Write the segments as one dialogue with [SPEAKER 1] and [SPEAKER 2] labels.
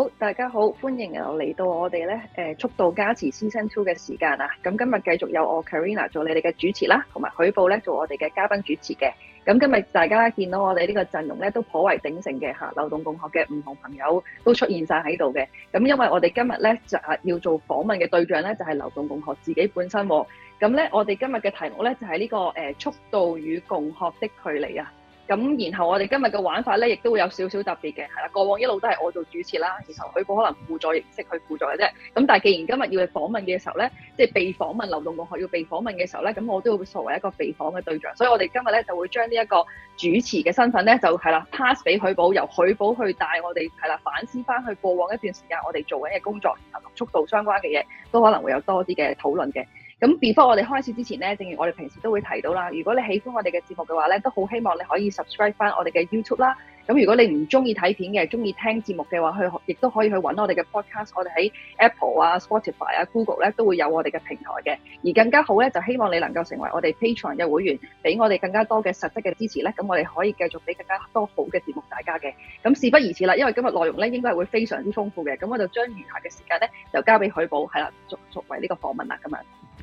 [SPEAKER 1] 好，大家好，歡迎又嚟到我哋咧，誒，促導加持 Season Two 嘅時間啊！咁今日繼續有我 Carina 做你哋嘅主持啦，同埋許報咧做我哋嘅嘉賓主持嘅。咁今日大家見到我哋呢個陣容咧，都頗為鼎盛嘅吓，流動共學嘅唔同朋友都出現晒喺度嘅。咁因為我哋今日咧就係要做訪問嘅對象咧，就係流動共學自己本身。咁咧，我哋今日嘅題目咧就係呢個誒，促導與共學的距離啊！咁然後我哋今日嘅玩法咧，亦都會有少少特別嘅，係啦。過往一路都係我做主持啦，然後許寶可能輔助形式去輔助嘅啫。咁但係既然今日要嚟訪問嘅時候咧，即係被訪問流動共學要被訪問嘅時候咧，咁我都會作為一個被訪嘅對象。所以我哋今日咧就會將呢一個主持嘅身份咧，就係啦 pass 俾許寶，由許寶去帶我哋係啦反思翻去過往一段時間我哋做緊嘅工作，然後同促導相關嘅嘢都可能會有多啲嘅討論嘅。咁 before 我哋開始之前咧，正如我哋平時都會提到啦，如果你喜歡我哋嘅節目嘅話咧，都好希望你可以 subscribe 翻我哋嘅 YouTube 啦。咁如果你唔中意睇片嘅，中意聽節目嘅話，去亦都可以去揾我哋嘅 podcast，我哋喺 Apple 啊、Spotify 啊、Google 咧都會有我哋嘅平台嘅。而更加好咧，就希望你能夠成為我哋 Patreon 嘅會員，俾我哋更加多嘅實質嘅支持咧。咁我哋可以繼續俾更加多好嘅節目大家嘅。咁事不宜遲啦，因為今日內容咧應該係會非常之豐富嘅。咁我就將餘下嘅時間咧就交俾許寶，係啦，作作為呢個訪問啦咁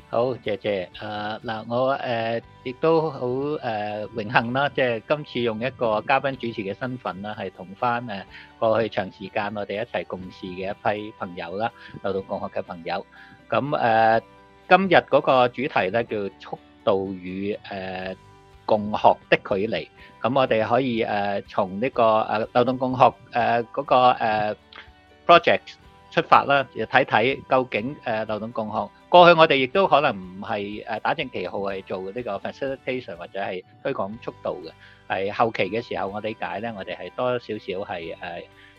[SPEAKER 2] 好，謝謝。誒嗱，我誒亦都好誒榮幸啦，即係今次用一個嘉賓主持嘅身份啦，係同翻誒過去長時間我哋一齊共事嘅一批朋友啦，流動共學嘅朋友。咁誒，今日嗰個主題咧叫促導與誒共學的距離。咁我哋可以誒從呢個誒流動共學誒嗰個誒 project 出發啦，又睇睇究竟誒流動共學。過去我哋亦都可能唔係誒打正旗號係做呢個 facilitation 或者係推廣促導嘅。係後期嘅時候，我理解咧，我哋係多少少係誒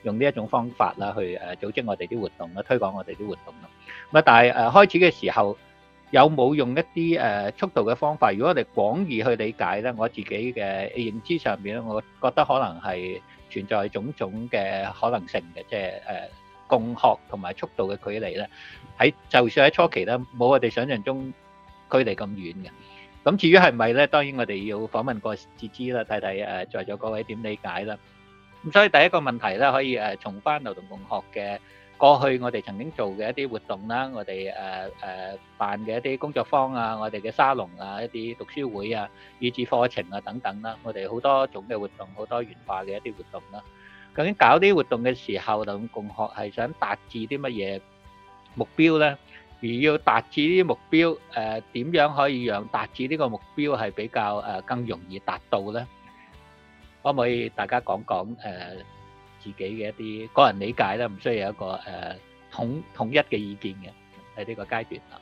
[SPEAKER 2] 用呢一種方法啦，去誒組織我哋啲活動啦，推廣我哋啲活動啦。咁啊，但係誒開始嘅時候有冇用一啲誒促導嘅方法？如果我哋廣義去理解咧，我自己嘅認知上面咧，我覺得可能係存在種種嘅可能性嘅，即係誒。共學同埋促導嘅距離咧，喺就算喺初期咧，冇我哋想象中距離咁遠嘅。咁至於係咪咧？當然我哋要訪問過哲知啦，睇睇誒在座各位點理解啦。咁所以第一個問題咧，可以誒重返流動共學嘅過去，我哋曾經做嘅一啲活動啦，我哋誒誒辦嘅一啲工作坊啊，我哋嘅沙龍啊，一啲讀書會啊，以至課程啊等等啦，我哋好多種嘅活動，好多多元化嘅一啲活動啦。究竟搞啲活動嘅時候，咁共學係想達至啲乜嘢目標咧？而要達至啲目標，誒、呃、點樣可以讓達至呢個目標係比較誒、呃、更容易達到咧？可唔可以大家講講誒、呃、自己嘅一啲個人理解咧？唔需要有一個誒、呃、統統一嘅意見嘅喺呢個階段啊。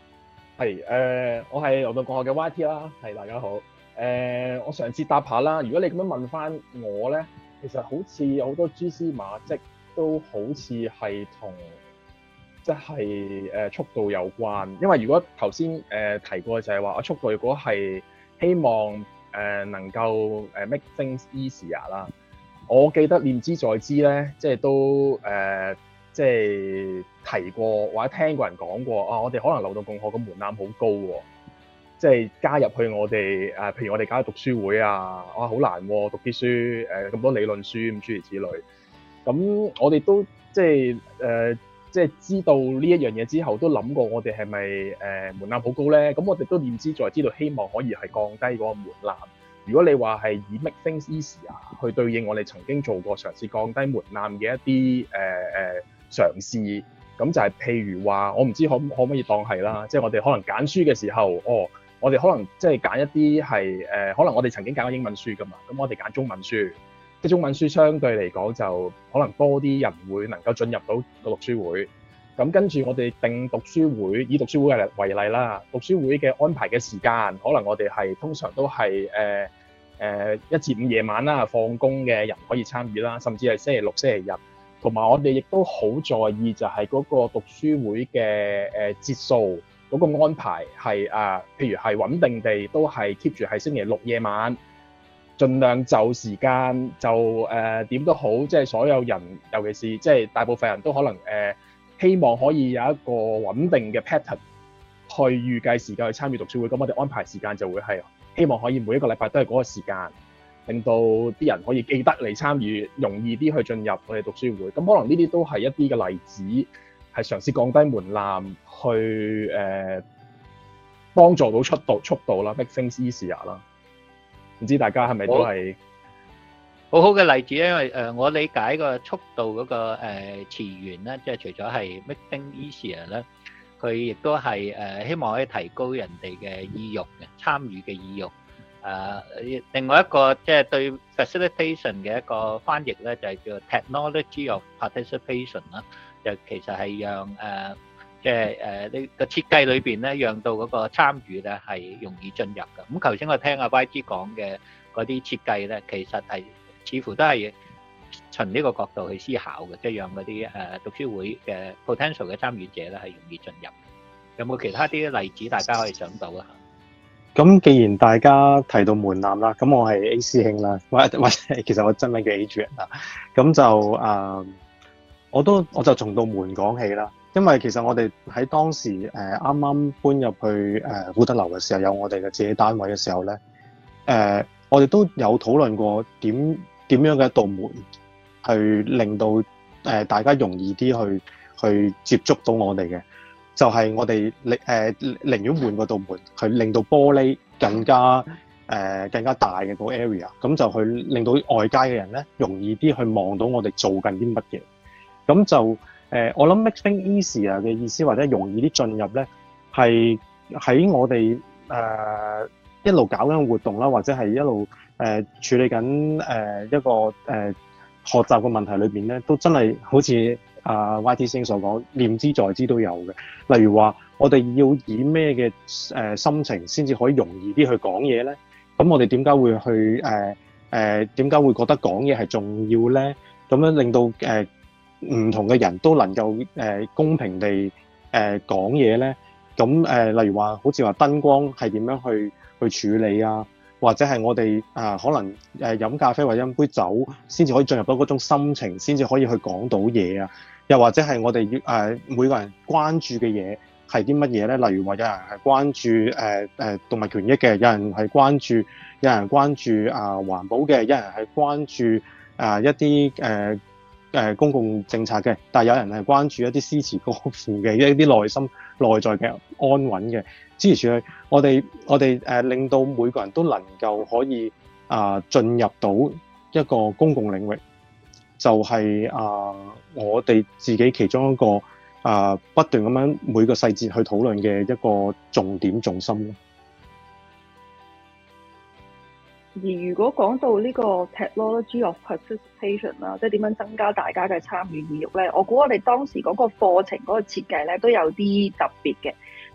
[SPEAKER 3] 係誒、呃，我係流動共學嘅 Y T 啦。係大家好。誒、呃，我嘗試答下啦。如果你咁樣問翻我咧？其實好似有好多蛛絲馬跡，都好似係同即係誒促導有關。因為如果頭先誒提過就係話啊，促導如果係希望誒能夠誒 make things easier 啦，我記得念之在之，咧，即係都誒、呃、即係提過或者聽過人講過啊，我哋可能流動共學嘅門檻好高喎、哦。即係加入去我哋誒，譬如我哋加入讀書會啊，哇、啊，好難喎、啊，讀啲書誒，咁多理論書咁諸如此類。咁我哋都即係誒，即係、呃、知道呢一樣嘢之後都諗過我哋係咪誒門檻好高咧？咁我哋都念茲在茲知道希望可以係降低嗰個門檻。如果你話係以 make things easier 去對應我哋曾經做過嘗試降低門檻嘅一啲誒誒嘗試，咁就係譬如話我唔知可可唔可以當係啦，即係我哋可能揀書嘅時候，哦。我哋可能即係揀一啲係誒可能我哋曾經揀過英文書噶嘛，咁我哋揀中文書，即係中文書相對嚟講就可能多啲人會能夠進入到個讀書會，咁跟住我哋定讀書會以讀書會為例啦，讀書會嘅安排嘅時間可能我哋係通常都係誒誒一至五夜晚啦，放工嘅人可以參與啦，甚至係星期六、星期日。同埋我哋亦都好在意就係嗰個讀書會嘅誒節數。呃嗰個安排係啊，譬如係穩定地都係 keep 住係星期六夜晚，盡量就時間就誒點、呃、都好，即、就、係、是、所有人，尤其是即係、就是、大部分人都可能、呃、希望可以有一個穩定嘅 pattern 去預計時間去參與讀書會。咁我哋安排時間就會係希望可以每一個禮拜都係嗰個時間，令到啲人可以記得嚟參與，容易啲去進入我哋讀書會。咁可能呢啲都係一啲嘅例子。係嘗試降低門檻，去誒幫助到促導促導啦，make things easier 啦。唔知大家係咪都係
[SPEAKER 2] 好好嘅例子咧？因為誒，我理解個促導嗰個誒詞源咧，即係除咗係 make things easier 咧，佢亦都係誒希望可以提高人哋嘅意欲嘅參與嘅意欲。誒，另外一個即係對 facilitation 嘅一個翻譯咧，就係叫 technology of participation 啦。就其實係讓誒，即係誒呢個設計裏邊咧，讓到嗰個參與咧係容易進入嘅。咁頭先我聽阿 YG 講嘅嗰啲設計咧，其實係似乎都係循呢個角度去思考嘅，即係讓嗰啲誒讀書會嘅 potential 嘅參與者咧係容易進入的。有冇其他啲例子大家可以想到啊？
[SPEAKER 4] 咁既然大家提到門檻啦，咁我係 A 師兄啦，或或者其實我真名叫 A 主人啊，咁就誒。呃我都我就從道門講起啦，因為其實我哋喺當時誒啱啱搬入去誒烏、呃、德樓嘅時候，有我哋嘅自己單位嘅時候咧，誒、呃、我哋都有討論過點點樣嘅一道門去令到誒、呃、大家容易啲去去接觸到我哋嘅，就係、是、我哋寧誒寧願換嗰道門去令到玻璃更加誒、呃、更加大嘅個 area，咁就去令到外界嘅人咧容易啲去望到我哋做緊啲乜嘢。咁就誒、呃，我諗 mixing easiermake things easier 嘅意思或者容易啲進入咧，係喺我哋誒、呃、一路搞緊活動啦，或者係一路誒、呃、處理緊誒、呃、一個誒、呃、學習嘅問題裏邊咧，都真係好似啊 Y.T. 先生所講，念之在之都有嘅。例如話，我哋要以咩嘅誒心情先至可以容易啲去講嘢咧？咁我哋點解會去誒誒？點、呃、解、呃、會覺得講嘢係重要咧？咁樣令到誒。呃唔同嘅人都能夠誒、呃、公平地誒、呃、講嘢咧，咁誒、呃、例如話好似話燈光係點樣去去處理啊，或者係我哋啊、呃、可能誒、呃、飲咖啡或者飲杯酒先至可以進入到嗰種心情，先至可以去講到嘢啊，又或者係我哋要誒每個人關注嘅嘢係啲乜嘢咧？例如話有人係關注誒誒、呃呃、動物權益嘅，有人係關注，有人關注啊、呃、環保嘅，有人係關注啊、呃、一啲誒。呃呃、公共政策嘅，但係有人係關注一啲詩詞歌賦嘅一啲內心內在嘅安穩嘅支持住，我哋我哋、呃、令到每個人都能夠可以啊、呃、進入到一個公共領域，就係、是、啊、呃、我哋自己其中一個啊、呃、不斷咁樣每個細節去討論嘅一個重點重心咯。
[SPEAKER 1] 而如果講到呢個 technology of participation 啦，即係點樣增加大家嘅參與意欲咧，我估我哋當時嗰個課程嗰個設計咧都有啲特別嘅。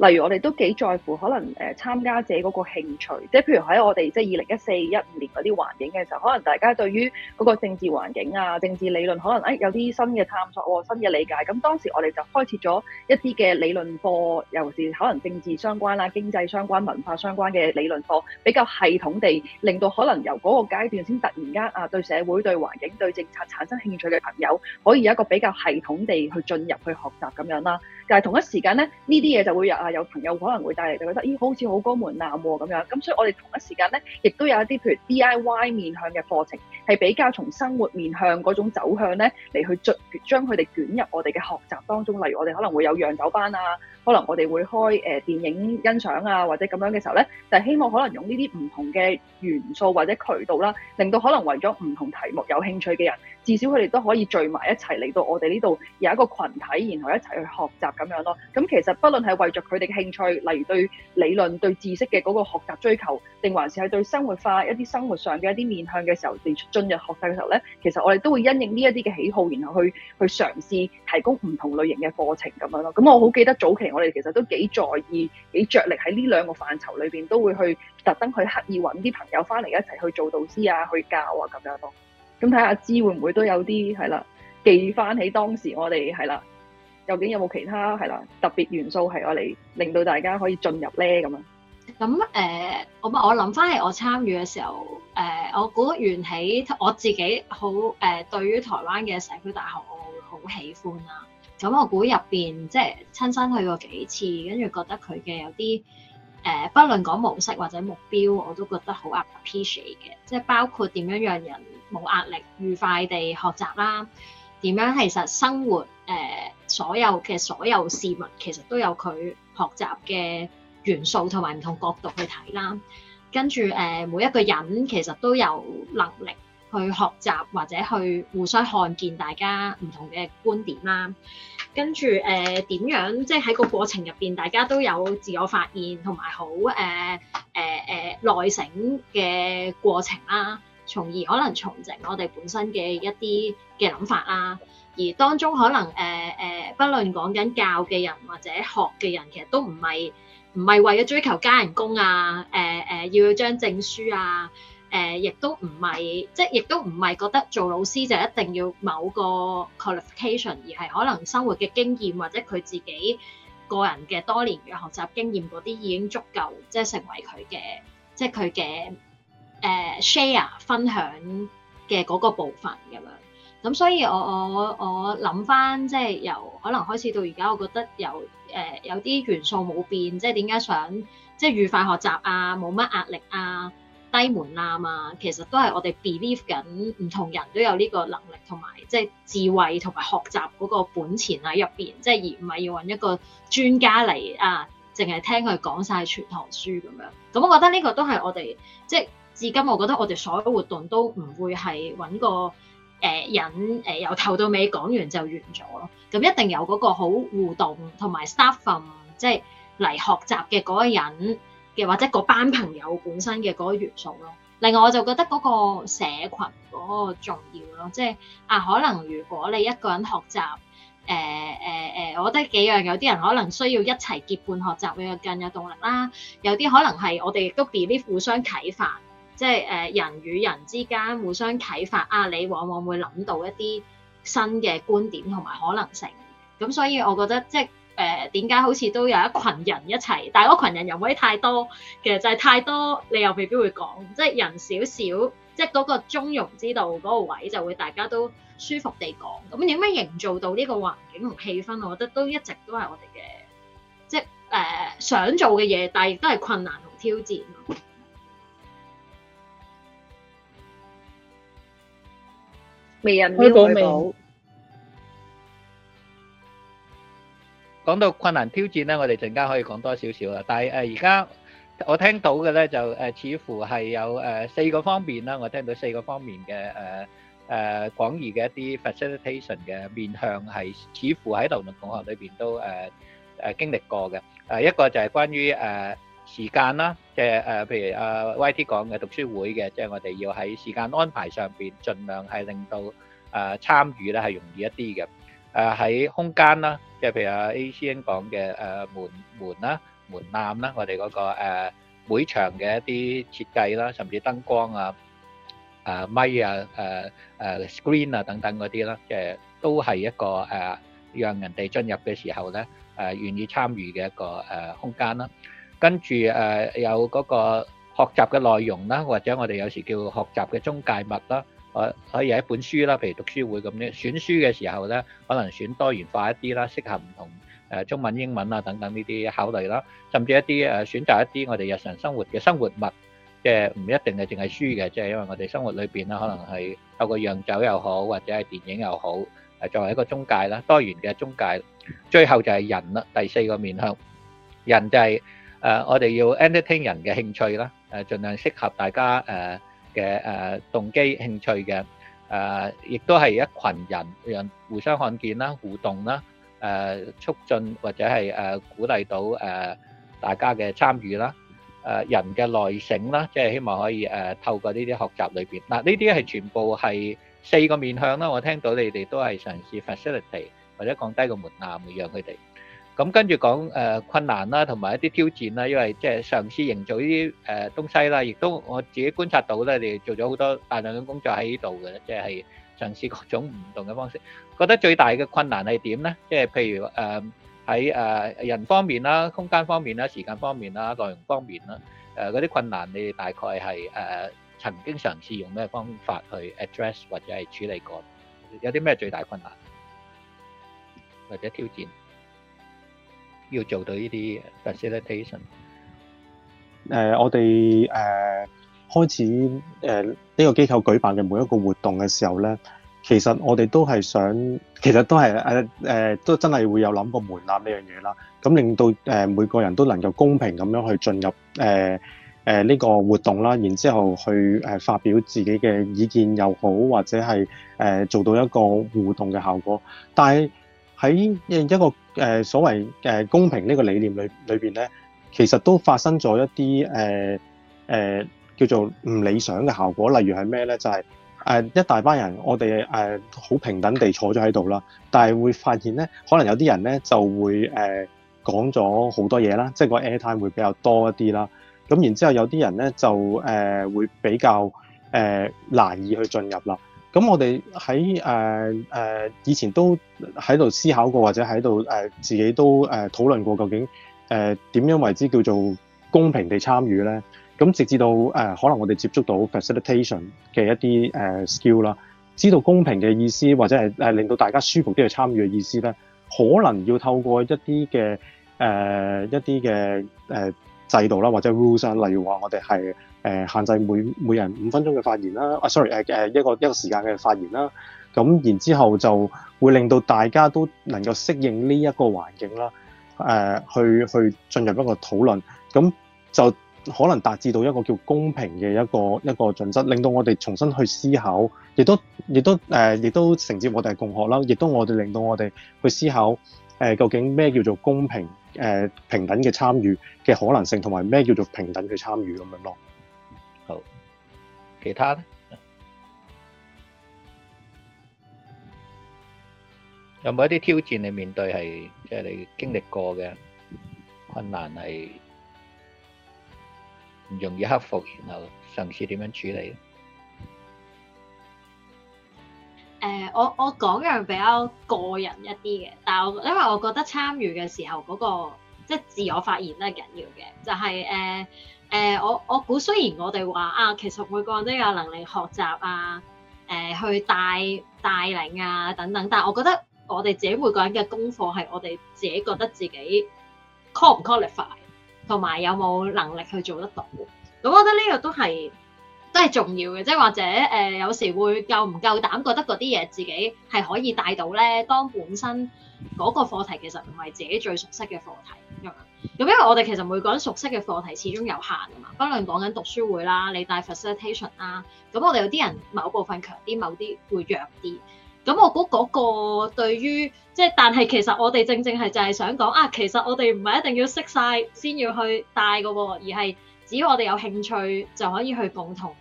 [SPEAKER 1] 例如我哋都幾在乎，可能誒參加者嗰個興趣，即係譬如喺我哋即係二零一四、一五年嗰啲環境嘅時候，可能大家對於嗰個政治環境啊、政治理論可能誒有啲新嘅探索、新嘅理解，咁當時我哋就開設咗一啲嘅理論課，尤其是可能政治相關啊、經濟相關、文化相關嘅理論課，比較系統地令到可能由嗰個階段先突然間啊對社會、對環境、對政策產生興趣嘅朋友，可以有一個比較系統地去進入去學習咁樣啦。但係同一時間咧，呢啲嘢就會有有朋友可能會帶嚟，就覺得咦、哎，好似好高門檻咁、哦、樣。咁所以我哋同一時間呢，亦都有一啲譬如 D I Y 面向嘅課程，係比較從生活面向嗰種走向呢嚟去將佢哋捲入我哋嘅學習當中。例如我哋可能會有釀酒班啊，可能我哋會開誒電影欣賞啊，或者咁樣嘅時候呢，就是、希望可能用呢啲唔同嘅元素或者渠道啦，令到可能為咗唔同題目有興趣嘅人。至少佢哋都可以聚埋一齊嚟到我哋呢度，有一個群體，然後一齊去學習，咁樣咯。咁其實不論係為著佢哋嘅興趣，例如對理論對知識嘅嗰個學習追求，定還是係對生活化一啲生活上嘅一啲面向嘅時候，進入學習嘅時候咧，其實我哋都會因應呢一啲嘅喜好，然後去去嘗試提供唔同類型嘅課程，咁樣咯。咁我好記得早期我哋其實都幾在意、幾着力喺呢兩個範疇裏邊都會去特登去刻意揾啲朋友翻嚟一齊去做導師啊、去教啊咁樣咯。咁睇下阿芝會唔會都有啲係啦，記翻起當時我哋係啦，究竟有冇其他係
[SPEAKER 5] 啦特別元素係我哋令到大家可以進入咧咁樣？咁誒、呃，我我諗翻嚟我參與嘅時候，誒、呃、我估源起我自己好誒、呃、對於台灣嘅社區大學我會好喜歡啦。咁我估入邊即係親身去過幾次，跟住覺得佢嘅有啲誒、呃，不論講模式或者目標，我都覺得好 appreciate 嘅，即係包括點樣讓人，冇壓力，愉快地學習啦。點樣其實生活誒、呃，所有嘅所有事物其實都有佢學習嘅元素同埋唔同角度去睇啦。跟住誒、呃，每一個人其實都有能力去學習或者去互相看見大家唔同嘅觀點啦。跟住誒，點、呃、樣即係喺個過程入邊，大家都有自我發現同埋好誒誒誒內省嘅過程啦。從而可能重整我哋本身嘅一啲嘅諗法啦、啊，而當中可能誒誒、呃呃，不論講緊教嘅人或者學嘅人，其實都唔係唔係為咗追求加人工啊，誒、呃、誒、呃，要張證書啊，誒、呃，亦都唔係即係亦都唔係覺得做老師就一定要某個 qualification，而係可能生活嘅經驗或者佢自己個人嘅多年嘅學習經驗嗰啲已經足夠，即、就、係、是、成為佢嘅即係佢嘅。就是誒、uh, share 分享嘅嗰個部分咁樣，咁所以我我我諗翻，即係由可能開始到而家，我覺得有誒、uh, 有啲元素冇變，即係點解想即係、就是、愉快學習啊，冇乜壓力啊，低門檻啊嘛，其實都係我哋 believe 緊唔同人都有呢個能力同埋即係智慧同埋學習嗰個本錢喺入邊，即、就、係、是、而唔係要搵一個專家嚟啊，淨係聽佢講晒全堂書咁樣。咁我覺得呢個都係我哋即係。就是。至今，我覺得我哋所有活動都唔會係揾個誒、呃、人誒由、呃、頭到尾講完就完咗咯。咁一定有嗰個好互動同埋 staff 即係嚟學習嘅嗰個人嘅或者嗰班朋友本身嘅嗰個元素咯。另外，我就覺得嗰個社群嗰個重要咯，即係啊，可能如果你一個人學習誒誒誒，我覺得幾樣有啲人可能需要一齊結伴學習會更有動力啦。有啲可能係我哋都 believe 互相啟發。即係誒人與人之間互相啟發啊！你往往會諗到一啲新嘅觀點同埋可能性。咁所以我覺得即係誒點解好似都有一群人一齊，但係嗰羣人又唔可以太多其實，就係太多你又未必會講。即係人少少，即係嗰個中庸之道嗰個位就會大家都舒服地講。咁點樣營造到呢個環境同氣氛，我覺得都一直都係我哋嘅即係誒、呃、想做嘅嘢，但係亦都係困難同挑戰。
[SPEAKER 1] 未人
[SPEAKER 2] 要去到。講到困難挑戰咧，我哋陣間可以講多少少啦。但係誒，而家我聽到嘅咧就誒，似乎係有誒四個方面啦。我聽到四個方面嘅誒誒廣義嘅一啲 facilitation 嘅面向，係似乎喺流動共學裏邊都誒誒經歷過嘅。誒一個就係關於誒。時間啦，即係誒，譬如阿 Y.T 講嘅讀書會嘅，即係我哋要喺時間安排上邊，儘量係令到誒參與咧係容易一啲嘅。誒喺空間啦，即係譬如阿 A.C.N 講嘅誒門門啦，門檻啦，我哋嗰個誒會場嘅一啲設計啦，甚至燈光啊、誒咪啊、誒誒 screen 啊等等嗰啲啦，即係都係一個誒讓人哋進入嘅時候咧誒願意參與嘅一個誒空間啦。跟住誒有嗰個學習嘅內容啦，或者我哋有時叫學習嘅中介物啦，可以有一本書啦，譬如讀書會咁樣選書嘅時候咧，可能選多元化一啲啦，適合唔同誒中文、英文啊等等呢啲考慮啦。甚至一啲誒選擇一啲我哋日常生活嘅生活物，即係唔一定係淨係書嘅，即係因為我哋生活裏邊咧，可能係透過洋酒又好，或者係電影又好，係作為一個中介啦，多元嘅中介。最後就係人啦，第四個面向，人就係。誒，我哋要 entertain 人嘅興趣啦，誒，盡量適合大家誒嘅誒動機興趣嘅，誒，亦都係一羣人讓互相看見啦、互動啦，誒，促進或者係誒鼓勵到誒大家嘅參與啦，誒，人嘅內省啦，即係希望可以誒透過呢啲學習裏邊，嗱，呢啲係全部係四個面向啦，我聽到你哋都係嘗試 facilitate 或者降低個門檻，讓佢哋。咁跟住講誒困難啦，同埋一啲挑戰啦，因為即係嘗試營造呢啲誒東西啦，亦都我自己觀察到咧，你做咗好多大量嘅工作喺呢度嘅，即係嘗試各種唔同嘅方式。覺得最大嘅困難係點呢？即係譬如誒喺誒人方面啦、空間方面啦、時間方面啦、內容方面啦，誒嗰啲困難，你哋大概係誒曾經嘗試用咩方法去 address 或者係處理過？有啲咩最大困難或者挑戰？要做到呢啲 facilitation，
[SPEAKER 4] 呃、我哋誒、呃、開始呢、呃這個機構舉辦嘅每一個活動嘅時候咧，其實我哋都係想，其實都係、呃呃、都真係會有諗過門檻呢樣嘢啦。咁令到、呃、每個人都能夠公平咁樣去進入呢、呃呃這個活動啦，然之後去、呃、發表自己嘅意見又好，或者係、呃、做到一個互動嘅效果，但係。喺一個誒、呃、所謂誒公平呢個理念裏面呢，咧，其實都發生咗一啲誒誒叫做唔理想嘅效果。例如係咩咧？就係、是、誒、呃、一大班人，我哋誒好平等地坐咗喺度啦，但係會發現咧，可能有啲人咧就會誒、呃、講咗好多嘢啦，即、就、係、是、個 airtime 會比較多一啲啦。咁然之後有啲人咧就誒、呃、會比較誒、呃、難以去進入啦。咁我哋喺誒誒以前都喺度思考過，或者喺度誒自己都誒、呃、討論過，究竟誒點、呃、樣為之叫做公平地參與咧？咁直至到誒、呃、可能我哋接觸到 facilitation 嘅一啲誒、uh, skill 啦，知道公平嘅意思，或者係誒令到大家舒服啲去參與嘅意思咧，可能要透過一啲嘅誒一啲嘅誒制度啦，或者 rules 啦，例如話我哋係。誒限制每每人五分鐘嘅發言啦。啊，sorry，誒誒一個一個時間嘅發言啦。咁然之後就會令到大家都能夠適應呢一個環境啦。誒、呃，去去進入一個討論，咁就可能達至到一個叫公平嘅一個一個準則，令到我哋重新去思考，亦都亦都亦、呃、都承接我哋嘅共學啦，亦都我哋令到我哋去思考、呃、究竟咩叫做公平、呃、平等嘅參與嘅可能性，同埋咩叫做平等
[SPEAKER 2] 嘅參與咁樣咯。好，其他咧，有冇一啲挑戰你面對係，即係你經歷過嘅困難係唔容易克服，然後嘗試點樣處理？
[SPEAKER 5] 誒，我我講一樣比較個人一啲嘅，但係我因為我覺得參與嘅時候嗰個即係自我發現都係緊要嘅，就係誒。誒、呃、我我估雖然我哋話啊，其實每個人都有能力學習啊，誒、呃、去帶帶領啊等等，但係我覺得我哋自己每個人嘅功課係我哋自己覺得自己 qual 唔 qualify 同埋有冇能力去做得到。咁我覺得呢個都係都係重要嘅，即係或者誒、呃、有時會夠唔夠膽覺得嗰啲嘢自己係可以帶到咧，當本身嗰個課題其實唔係自己最熟悉嘅課題。咁因為我哋其實每個人熟悉嘅課題，始終有限㗎嘛。不論講緊讀書會啦，你帶 facilitation 啦，咁我哋有啲人某部分強啲，某啲會弱啲。咁我估嗰個對於，即係但係其實我哋正正係就係想講啊，其實我哋唔係一定要識晒先要去帶個喎，而係只要我哋有興趣就可以去共同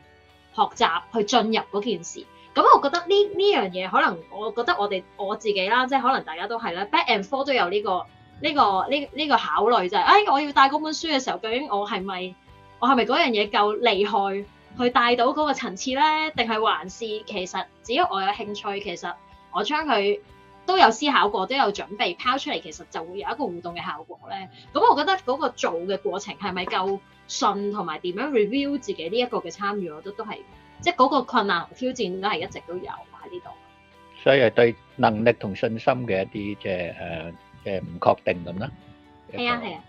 [SPEAKER 5] 學習去進入嗰件事。咁我覺得呢呢樣嘢可能我覺得我哋我自己啦，即係可能大家都係啦，back and forth 都有呢、這個。呢、這個呢呢、這個這個考慮就係、是，哎，我要帶嗰本書嘅時候，究竟我係咪我係咪嗰樣嘢夠厲害，去帶到嗰個層次呢？定係還是其實只要我有興趣，其實我將佢都有思考過，都有準備拋出嚟，其實就會有一個互動嘅效果呢。咁我覺得嗰個做嘅過程係咪夠順，同埋點樣 review 自己呢一個嘅參與，我都都係即係嗰個困難挑戰都係一直都有喺呢度。
[SPEAKER 2] 所以係對能力同信心嘅一啲即係誒誒唔、嗯、確定咁啦。係啊係啊。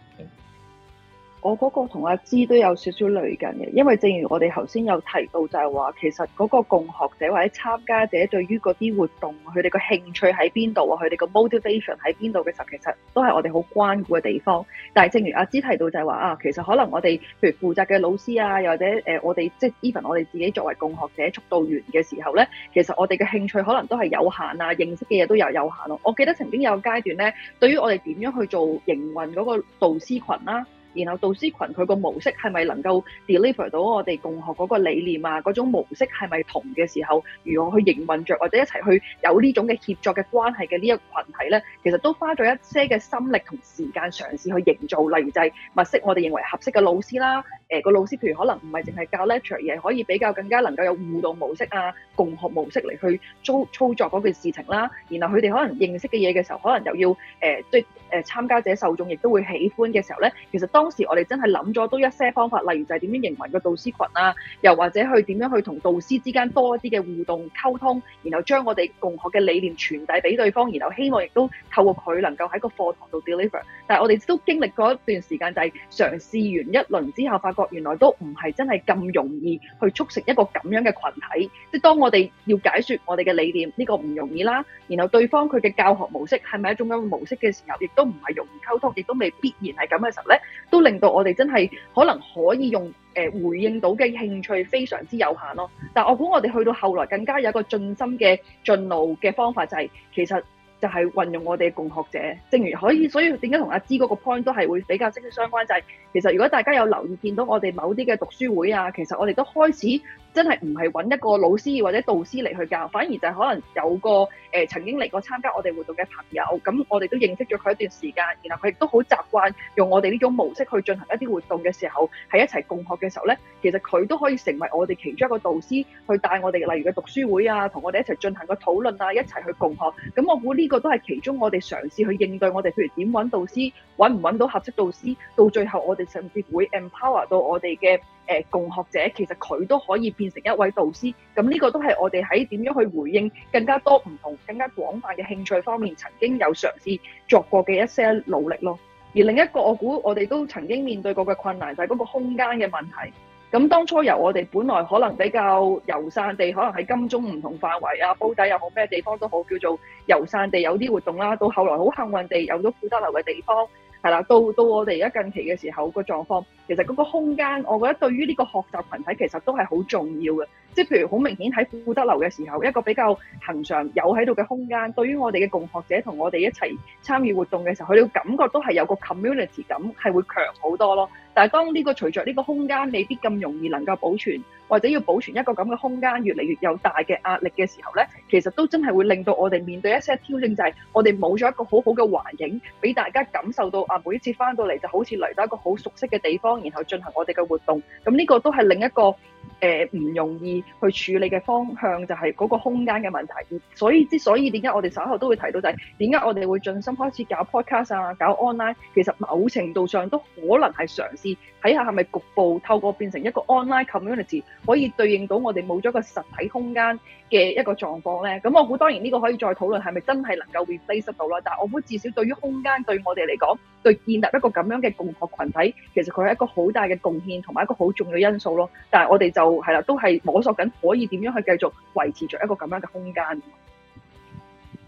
[SPEAKER 1] 我嗰個同阿芝都有少少類近嘅，因為正如我哋頭先有提到就，就係話其實嗰個共學者或者參加者對於嗰啲活動，佢哋個興趣喺邊度啊，佢哋個 motivation 喺邊度嘅時候，其實都係我哋好關顧嘅地方。但係正如阿芝提到就，就係話啊，其實可能我哋譬如負責嘅老師啊，又或者誒、呃，我哋即 even 我哋自己作為共學者、促導員嘅時候咧，其實我哋嘅興趣可能都係有限啊，認識嘅嘢都有有限咯、啊。我記得曾經有個階段咧，對於我哋點樣去做營運嗰個導師群啦、啊。然後導師群佢個模式係咪能夠 deliver 到我哋共學嗰個理念啊？嗰種模式係咪同嘅時候，如何去營運着，或者一齊去有呢種嘅協作嘅關係嘅呢一個群體咧？其實都花咗一些嘅心力同時間嘗試去營造，例如就係物色我哋認為合適嘅老師啦。誒、呃嗰個老師，譬如可能唔係淨係教 lecture，而係可以比較更加能夠有互動模式啊、共學模式嚟去操操作嗰件事情啦。然後佢哋可能認識嘅嘢嘅時候，可能又要誒即係參加者受眾亦都會喜歡嘅時候咧。其實當時我哋真係諗咗都一些方法，例如就係點樣營運個導師群啊，又或者去點樣去同導師之間多一啲嘅互動溝通，然後將我哋共學嘅理念傳遞俾對方，然後希望亦都透過佢能夠喺個課堂度 deliver。但係我哋都經歷過一段時間，就係嘗試完一輪之後，發覺。原來都唔係真係咁容易去促成一個咁樣嘅群體，即係當我哋要解說我哋嘅理念，呢、這個唔容易啦。然後對方佢嘅教學模式係咪一種咁嘅模式嘅時候，亦都唔係容易溝通，亦都未必然係咁嘅時候咧，都令到我哋真係可能可以用誒、呃、回應到嘅興趣非常之有限咯。但我估我哋去到後來更加有一個進心嘅進路嘅方法、就是，就係其實。就係運用我哋共學者，正如可以，所以點解同阿芝嗰個 point 都係會比較息息相關。就係，其實如果大家有留意見到我哋某啲嘅讀書會啊，其實我哋都開始。真係唔係揾一個老師或者導師嚟去教，反而就係可能有個誒曾經嚟過參加我哋活動嘅朋友，咁我哋都認識咗佢一段時間，然後佢亦都好習慣用我哋呢種模式去進行一啲活動嘅時候，係一齊共學嘅時候咧，其實佢都可以成為我哋其中一個導師，去帶我哋，例如嘅讀書會啊，同我哋一齊進行個討論啊，一齊去共學。咁我估呢個都係其中我哋嘗試去應對我哋譬如點揾導師，揾唔揾到合適導師，到最後我哋甚至會 empower 到我哋嘅。誒共學者其實佢都可以變成一位導師，咁呢個都係我哋喺點樣去回應更加多唔同、更加廣泛嘅興趣方面曾經有嘗試作過嘅一些努力咯。而另一個我估我哋都曾經面對過嘅困難就係嗰個空間嘅問題。咁當初由我哋本來可能比較游散地，可能喺金鐘唔同範圍啊、煲底又好咩地方都好，叫做游散地有啲活動啦，到後來好幸運地有咗富德樓嘅地方。係啦，到到我哋而家近期嘅時候個狀況，其實嗰個空間，我覺得對於呢個學習群體其實都係好重要嘅。即係譬如好明顯喺富德樓嘅時候，一個比較恒常有喺度嘅空間，對於我哋嘅共學者同我哋一齊參與活動嘅時候，佢哋感覺都係有個 community 感，係會強好多咯。但係當呢個隨着呢個空間未必咁容易能夠保存，或者要保存一個咁嘅空間越嚟越有大嘅壓力嘅時候呢，其實都真係會令到我哋面對一些挑戰，就係我哋冇咗一個好好嘅環境，俾大家感受到啊，每一次翻到嚟就好似嚟到一個好熟悉嘅地方，然後進行我哋嘅活動，咁呢個都係另一個。誒唔、呃、唔容易去處理嘅方向，就係嗰個空間嘅問題所，所以之所以點解我哋稍後都會提到，就係點解我哋會盡心開始搞 podcast 啊，搞 online，其實某程度上都可能係嘗試。睇下係咪局部透過變成一個 online community 可以對應到我哋冇咗一個實體空間嘅一個狀況咧？咁我估當然呢個可以再討論係咪真係能夠 replace 到咧？但係我估至少對於空間對我哋嚟講，對建立一個咁樣嘅共學群體，其實佢係一個好大嘅貢獻同埋一個好重要因素咯。但係我哋就係啦，都係摸索緊可以點樣去繼續維持著一個咁樣嘅空間。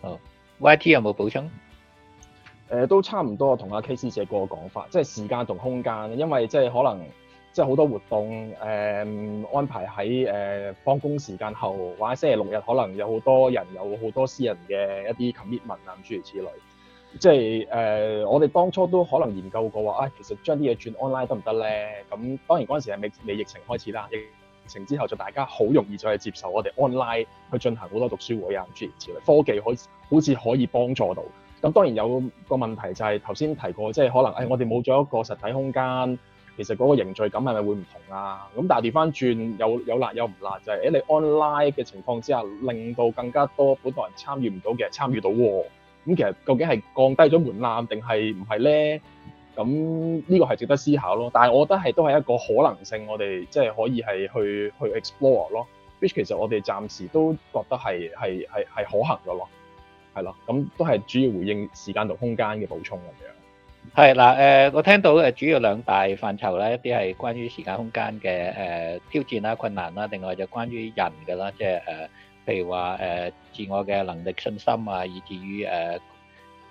[SPEAKER 2] 好，YT 有冇補充？誒都差唔多同阿 KC
[SPEAKER 3] 師姐個講法，即係時間同空間，因為即係可能即係好多活動誒安排喺誒放工時間後，或者星期六日，可能有好多人有好多私人嘅一啲 commitment 啊，諸如此類。即係誒，我哋當初都可能研究過話，啊，其實將啲嘢轉 online 得唔得咧？咁當然嗰陣時係未未疫情開始啦，疫情之後就大家好容易就係接受我哋 online 去進行好多讀書會啊，諸如此類。科技可好似可以幫助到。咁當然有個問題就係頭先提過，即係可能誒、哎、我哋冇咗一個實體空間，其實嗰個凝聚感係咪會唔同啊？咁但係調翻轉有有辣有唔辣就係、誒、你 online 嘅情況之下，令到更加多本地人參與唔到嘅參與到喎。咁其實究竟係降低咗門檻定係唔係咧？咁呢個係值得思考咯。但係我覺得係都係一個可能性，我哋即係可以係去去 explore 咯。which 其實我哋暫時都覺得係係係係可
[SPEAKER 2] 行㗎咯。係咯，咁都係主要回應時間同空間嘅補充咁樣。係嗱，誒、呃、我聽到誒主要兩大範疇咧，一啲係關於時間空間嘅誒、呃、挑戰啦、困難啦，另外就關於人嘅啦，即係誒，譬如話誒、呃、自我嘅能力、信心啊，以至於誒誒、呃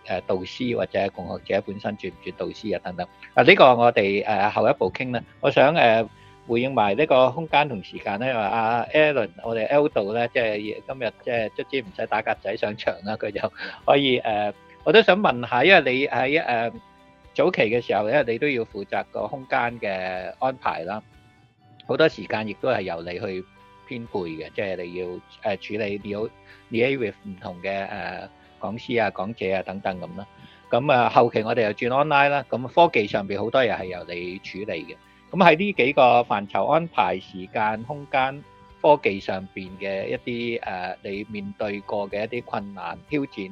[SPEAKER 2] 呃、導師或者共學者本身轉唔轉導師啊等等。嗱、呃，呢、這個我哋誒、呃、後一步傾啦。我想誒。呃回應埋呢個空間同時間咧，話阿 Alan，我哋 L 度咧，即係今日即係卒之唔使打格仔上場啦，佢就可以誒，我都想問下，因為你喺誒早期嘅時候咧，你都要負責個空間嘅安排啦，好多時間亦都係由你去編配嘅，即係你要誒處理了 deal with 唔同嘅誒講師啊、講者啊等等咁啦。咁啊，後期我哋又轉 online 啦，咁科技上邊好多嘢係由你處理嘅。咁喺呢幾個範疇安排時間、空間、科技上邊嘅一啲誒，你面對過嘅一啲困難挑戰，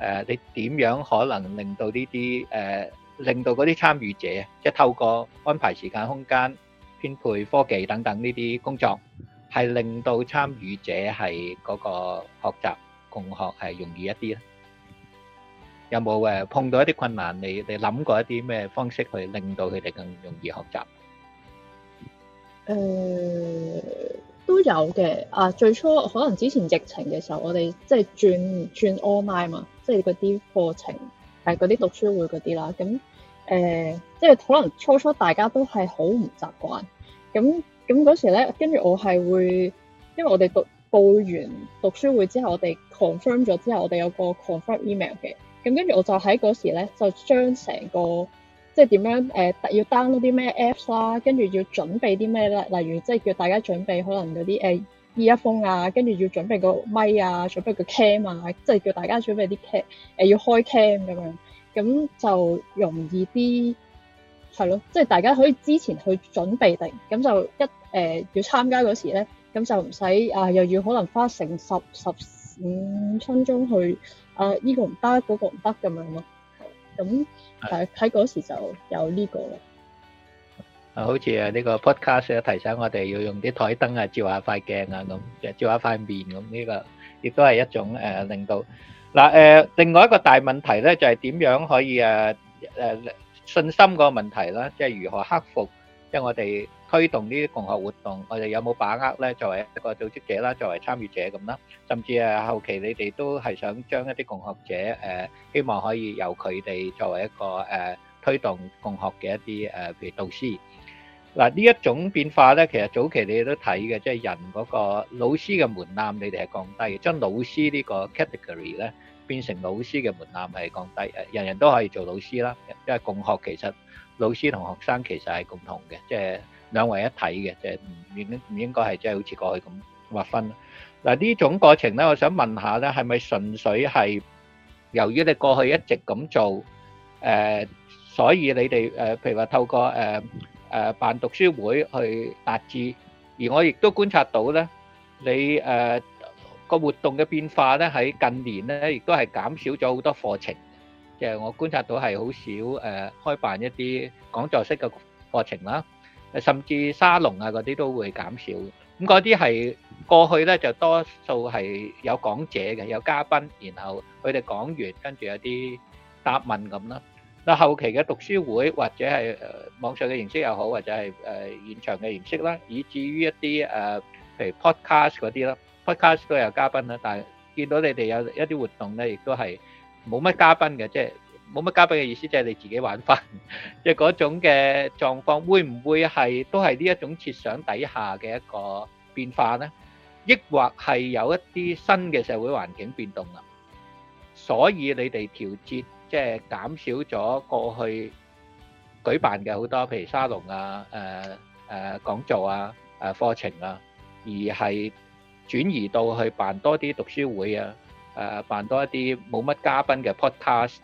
[SPEAKER 2] 誒你點樣可能令到呢啲誒，令到嗰啲參與者，即係透過安排時間、空間編配科技等等呢啲工作，係令到參與者係嗰個學習共學係容易一啲咧？有冇誒碰到一啲困難，你你諗過一啲咩方式去令到佢哋更容易學習？
[SPEAKER 6] 誒、呃、都有嘅啊！最初可能之前疫情嘅時候，我哋即係轉轉 online 嘛，即係嗰啲課程，係嗰啲讀書會嗰啲啦。咁誒，即、呃、係、就是、可能初初大家都係好唔習慣。咁咁嗰時咧，跟住我係會，因為我哋讀報完讀書會之後，我哋 confirm 咗之後，我哋有個 confirm email 嘅。咁跟住我就喺嗰時咧，就將成個。即係點樣誒、呃，要 download 啲咩 apps 啦，跟住要準備啲咩咧？例如即係叫大家準備可能嗰啲誒 e 一封啊，跟住要準備個咪啊，準備個 cam 啊，即係叫大家準備啲 cam、呃、要開 cam 咁樣，咁就容易啲係咯。即係大家可以之前去準備定，咁就一誒、呃、要參加嗰時咧，咁就唔使啊又要可能花成十十五分鐘去啊呢、呃呢個唔得嗰個唔得咁樣咯。咁係
[SPEAKER 2] 喺嗰時就有呢個啦。啊，好似啊呢個 podcast 提醒我哋要用啲台燈啊，照一下塊鏡啊，咁就照下塊面咁。呢個亦都係一種誒令到嗱誒，另外一個大問題咧，就係、是、點樣可以誒誒、呃、信心個問題啦，即、就、係、是、如何克服，即、就、係、是、我哋。推動呢啲共學活動，我哋有冇把握呢？作為一個組織者啦，作為參與者咁啦，甚至誒後期你哋都係想將一啲共學者誒，希望可以由佢哋作為一個誒推動共學嘅一啲誒，譬如導師。嗱，呢一種變化呢，其實早期你哋都睇嘅，即係人嗰個老師嘅門檻，你哋係降低，將老師呢個 category 呢，變成老師嘅門檻係降低，人人都可以做老師啦。因為共學其實老師同學生其實係共同嘅，即係。兩為一體嘅，即係唔應唔應該係即係好似過去咁劃分。嗱，呢種過程咧，我想問下咧，係咪純粹係由於你過去一直咁做，誒，所以你哋誒，譬如話透過誒誒辦讀書會去達致。而我亦都觀察到咧，你誒個活動嘅變化咧，喺近年咧，亦都係減少咗好多課程。即係我觀察到係好少誒開辦一啲講座式嘅課程啦。誒甚至沙龍啊嗰啲都會減少，咁嗰啲係過去咧就多數係有講者嘅，有嘉賓，然後佢哋講完，跟住有啲答問咁啦。嗱，後期嘅讀書會或者係誒網上嘅形式又好，或者係誒現場嘅形式啦，以至於一啲誒譬如 podcast 嗰啲啦，podcast 都有嘉賓啦，但係見到你哋有一啲活動咧，亦都係冇乜嘉賓嘅，即係。冇乜嘉賓嘅意思，即係你自己玩翻，即係嗰種嘅狀況，會唔會係都係呢一種設想底下嘅一個變化呢？抑或係有一啲新嘅社會環境變動啦？所以你哋調節，即係減少咗過去舉辦嘅好多，譬如沙龍啊、誒誒講座啊、誒課程啊，而係轉移到去辦多啲讀書會啊、誒辦多一啲冇乜嘉賓嘅 podcast。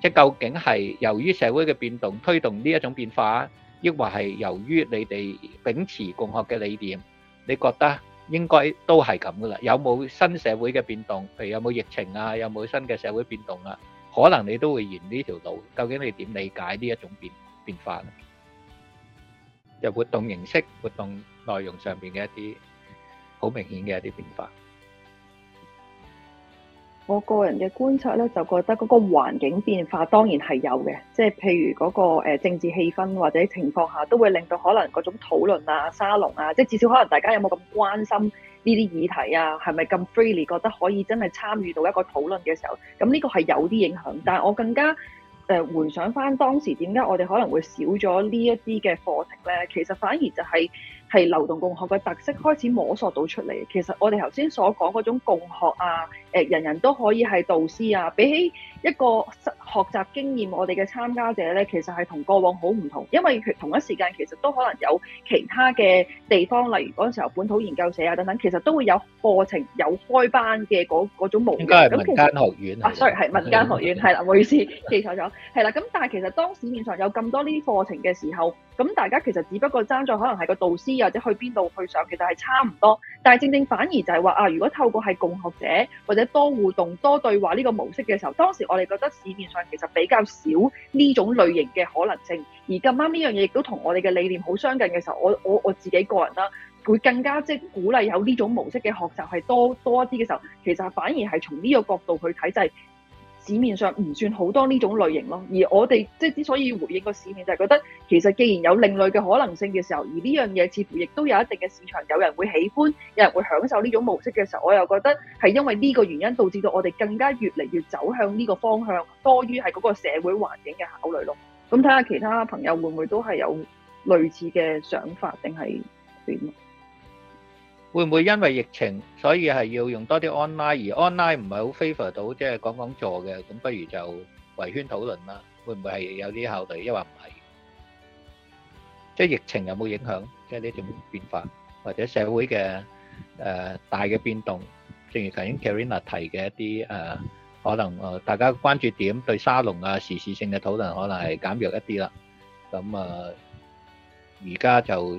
[SPEAKER 2] 即係究竟係由於社會嘅變動推動呢一種變化，抑或係由於你哋秉持共學嘅理念，你覺得應該都係咁㗎啦？有冇新社會嘅變動？譬如有冇疫情啊？有冇新嘅社會變動啊？可能你都會沿呢條路。究竟你點理解呢一種變變化呢？就活動形式、活動內容上面嘅一啲好明顯嘅一啲變化。
[SPEAKER 1] 我個人嘅觀察咧，就覺得嗰個環境變化當然係有嘅，即係譬如嗰個呃、政治氣氛或者情況下，都會令到可能嗰種討論啊、沙龍啊，即係至少可能大家有冇咁關心呢啲議題啊，係咪咁 freely 覺得可以真係參與到一個討論嘅時候，咁呢個係有啲影響。但係我更加誒、呃、回想翻當時點解我哋可能會少咗呢一啲嘅課程咧，其實反而就係、是。係流動共學嘅特色開始摸索到出嚟。其實我哋頭先所講嗰種共學啊，誒人人都可以係導師啊，比起一個學習經驗，我哋嘅參加者咧，其實係同過往好唔同。因為同同一時間其實都可能有其他嘅地方，例如嗰陣時候本土研究社啊等等，其實都會有課程有開班嘅嗰嗰種模樣。咁間學院啊，sorry 係民間學院係啦，唔 好意思，記錯咗係啦。咁但係其實當市面上有咁多呢啲課程嘅時候，咁大家其實只不過爭在可能係個導師。或者去邊度去上其實係差唔多，但係正正反而就係話啊，如果透過係共學者或者多互動多對話呢個模式嘅時候，當時我哋覺得市面上其實比較少呢種類型嘅可能性，而咁啱呢樣嘢亦都同我哋嘅理念好相近嘅時候，我我我自己個人啦、啊，會更加即係鼓勵有呢種模式嘅學習係多多一啲嘅時候，其實反而係從呢個角度去睇就係、是。市面上唔算好多呢種類型咯，而我哋即係之所以回應個市面，就係覺得其實既然有另類嘅可能性嘅時候，而呢樣嘢似乎亦都有一定嘅市場，有人會喜歡，有人會享受呢種模式嘅時候，我又覺得係因為呢個原因導致到我哋更加越嚟越走向呢個方向，多於係嗰個社會環境嘅考慮咯。咁睇下其他朋友會唔會都係有類似嘅想法，定係
[SPEAKER 2] 點？會唔會因為疫情，所以係要用多啲 online？而 online 唔係好 favor 到，即係講講座嘅，咁不如就圍圈討論啦。會唔會係有啲考慮？抑或唔係，即係疫情有冇影響？即係呢種變化，或者社會嘅誒大嘅變動，正如頭先 Carina 提嘅一啲誒，可能誒大家關注點對沙龍啊時事性嘅討論，可能係減弱一啲啦。咁啊，而家就。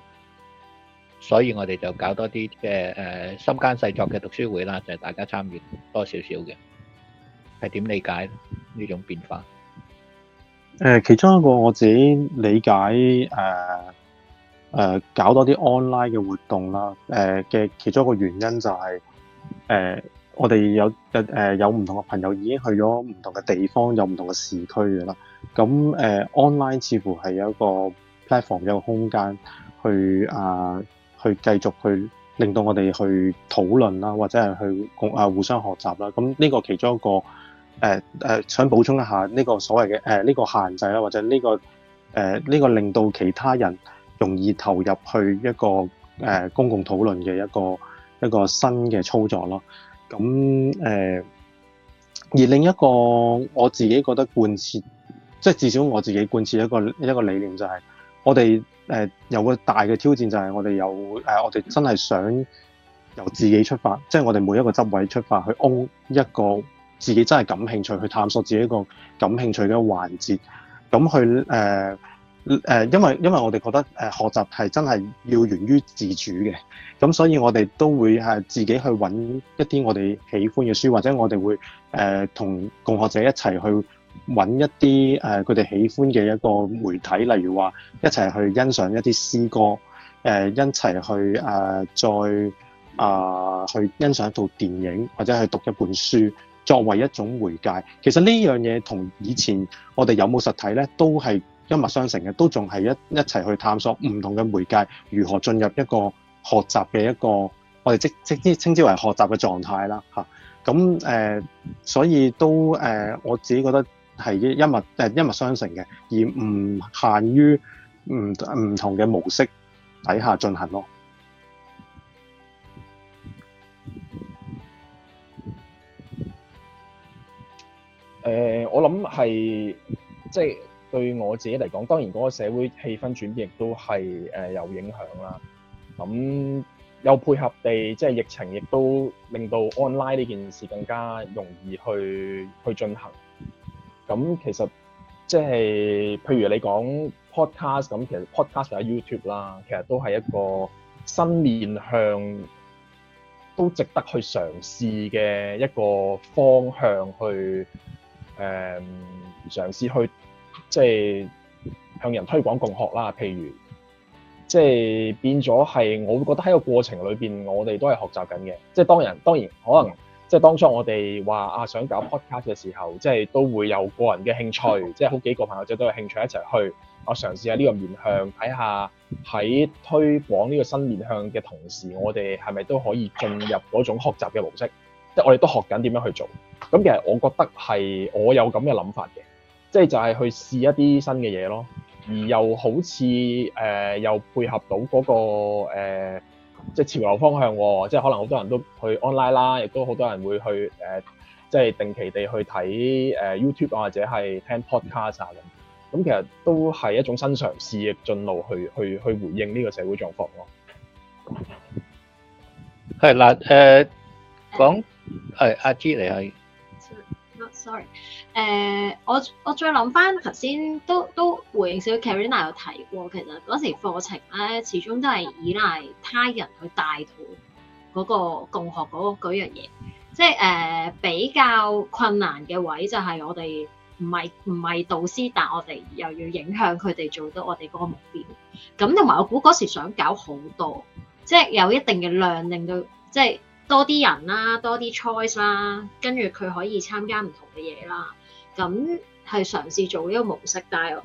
[SPEAKER 2] 所以我哋就搞多啲嘅誒深耕細作嘅讀書會啦，就是、大家參與多少少嘅，係點理解呢種變化？
[SPEAKER 4] 誒、呃，其中一個我自己理解誒誒、呃呃，搞多啲 online 嘅活動啦，誒、呃、嘅其中一個原因就係、是、誒、呃、我哋有日、呃、有唔同嘅朋友已經去咗唔同嘅地方，有唔同嘅市區嘅啦。咁誒、呃、online 似乎係有一個 platform 有一個空間去啊～、呃去繼續去令到我哋去討論啦，或者係去共啊互相學習啦。咁呢個其中一個誒、呃呃、想補充一下呢個所謂嘅誒呢個限制啦，或者呢、這個誒呢、呃這個令到其他人容易投入去一個誒、呃、公共討論嘅一個一個新嘅操作咯。咁誒、呃，而另一個我自己覺得貫徹，即係至少我自己貫徹一個一個理念就係、是。我哋誒有個大嘅挑戰就係、是、我哋由誒我哋真係想由自己出發，即、就、係、是、我哋每一個執位出發去 own 一個自己真係感興趣去探索自己一個感興趣嘅環節，咁去誒、呃呃、因為因為我哋覺得誒學習係真係要源於自主嘅，咁所以我哋都會係自己去揾一啲我哋喜歡嘅書，或者我哋會誒同、呃、共學者一齊去。揾一啲誒佢哋喜歡嘅一個媒體，例如話一齊去欣賞一啲詩歌，誒、呃、一齊去誒、呃、再啊、呃、去欣賞一套電影，或者去讀一本書作為一種媒介。其實呢樣嘢同以前我哋有冇實體咧，都係一脈相承嘅，都仲係一一齊去探索唔同嘅媒介如何進入一個學習嘅一個我哋即即之稱之為學習嘅狀態啦嚇。咁、啊、誒、呃、所以都誒、呃、我自己覺得。係一物誒一物相成嘅，而唔限於唔唔同嘅模式底下進行咯。
[SPEAKER 3] 誒、呃，我諗係即係對我自己嚟講，當然嗰個社會氣氛轉變亦都係誒有影響啦。咁又配合地即係、就是、疫情，亦都令到 online 呢件事更加容易去去進行。咁其實即係譬如你講 podcast 咁，其實 podcast 喺 YouTube 啦，其實都係一個新面向，都值得去嘗試嘅一個方向去誒嘗試去即係向人推廣共學啦。譬如即係變咗係，我會覺得喺個過程裏面，我哋都係學習緊嘅。即係當然當然可能。即係當初我哋話啊，想搞 podcast 嘅時候，即係都會有個人嘅興趣，即係好幾個朋友仔都有興趣一齊去，我嘗試下呢個面向，睇下喺推廣呢個新面向嘅同時，我哋係咪都可以進入嗰種學習嘅模式？即係我哋都學緊點樣去做。咁其實我覺得係我有咁嘅諗法嘅，即係就係去試一啲新嘅嘢咯，而又好似誒、呃、又配合到嗰、嗰個、呃即係潮流方向喎，即係可能好多人都去 online 啦，亦都好多人會去誒、呃，即係定期地去睇誒 YouTube 啊，或者係聽 podcast 啊咁。咁其實都係一種新嘗試嘅進路去去去回應呢個社會狀況咯。
[SPEAKER 2] 係嗱誒講，係阿芝你係。啊 G,
[SPEAKER 5] 你誒、呃，我我再諗翻頭先都都回應少少，Carina 有提過，其實嗰時課程咧，始終都係依賴他人去帶到嗰個共學嗰樣嘢，即係誒、呃、比較困難嘅位就係我哋唔係唔係導師，但我哋又要影響佢哋做到我哋嗰個目標。咁同埋我估嗰時想搞好多，即係有一定嘅量，令到即係多啲人啦，多啲 choice 啦，跟住佢可以參加唔同嘅嘢啦。咁係嘗試做呢個模式，但係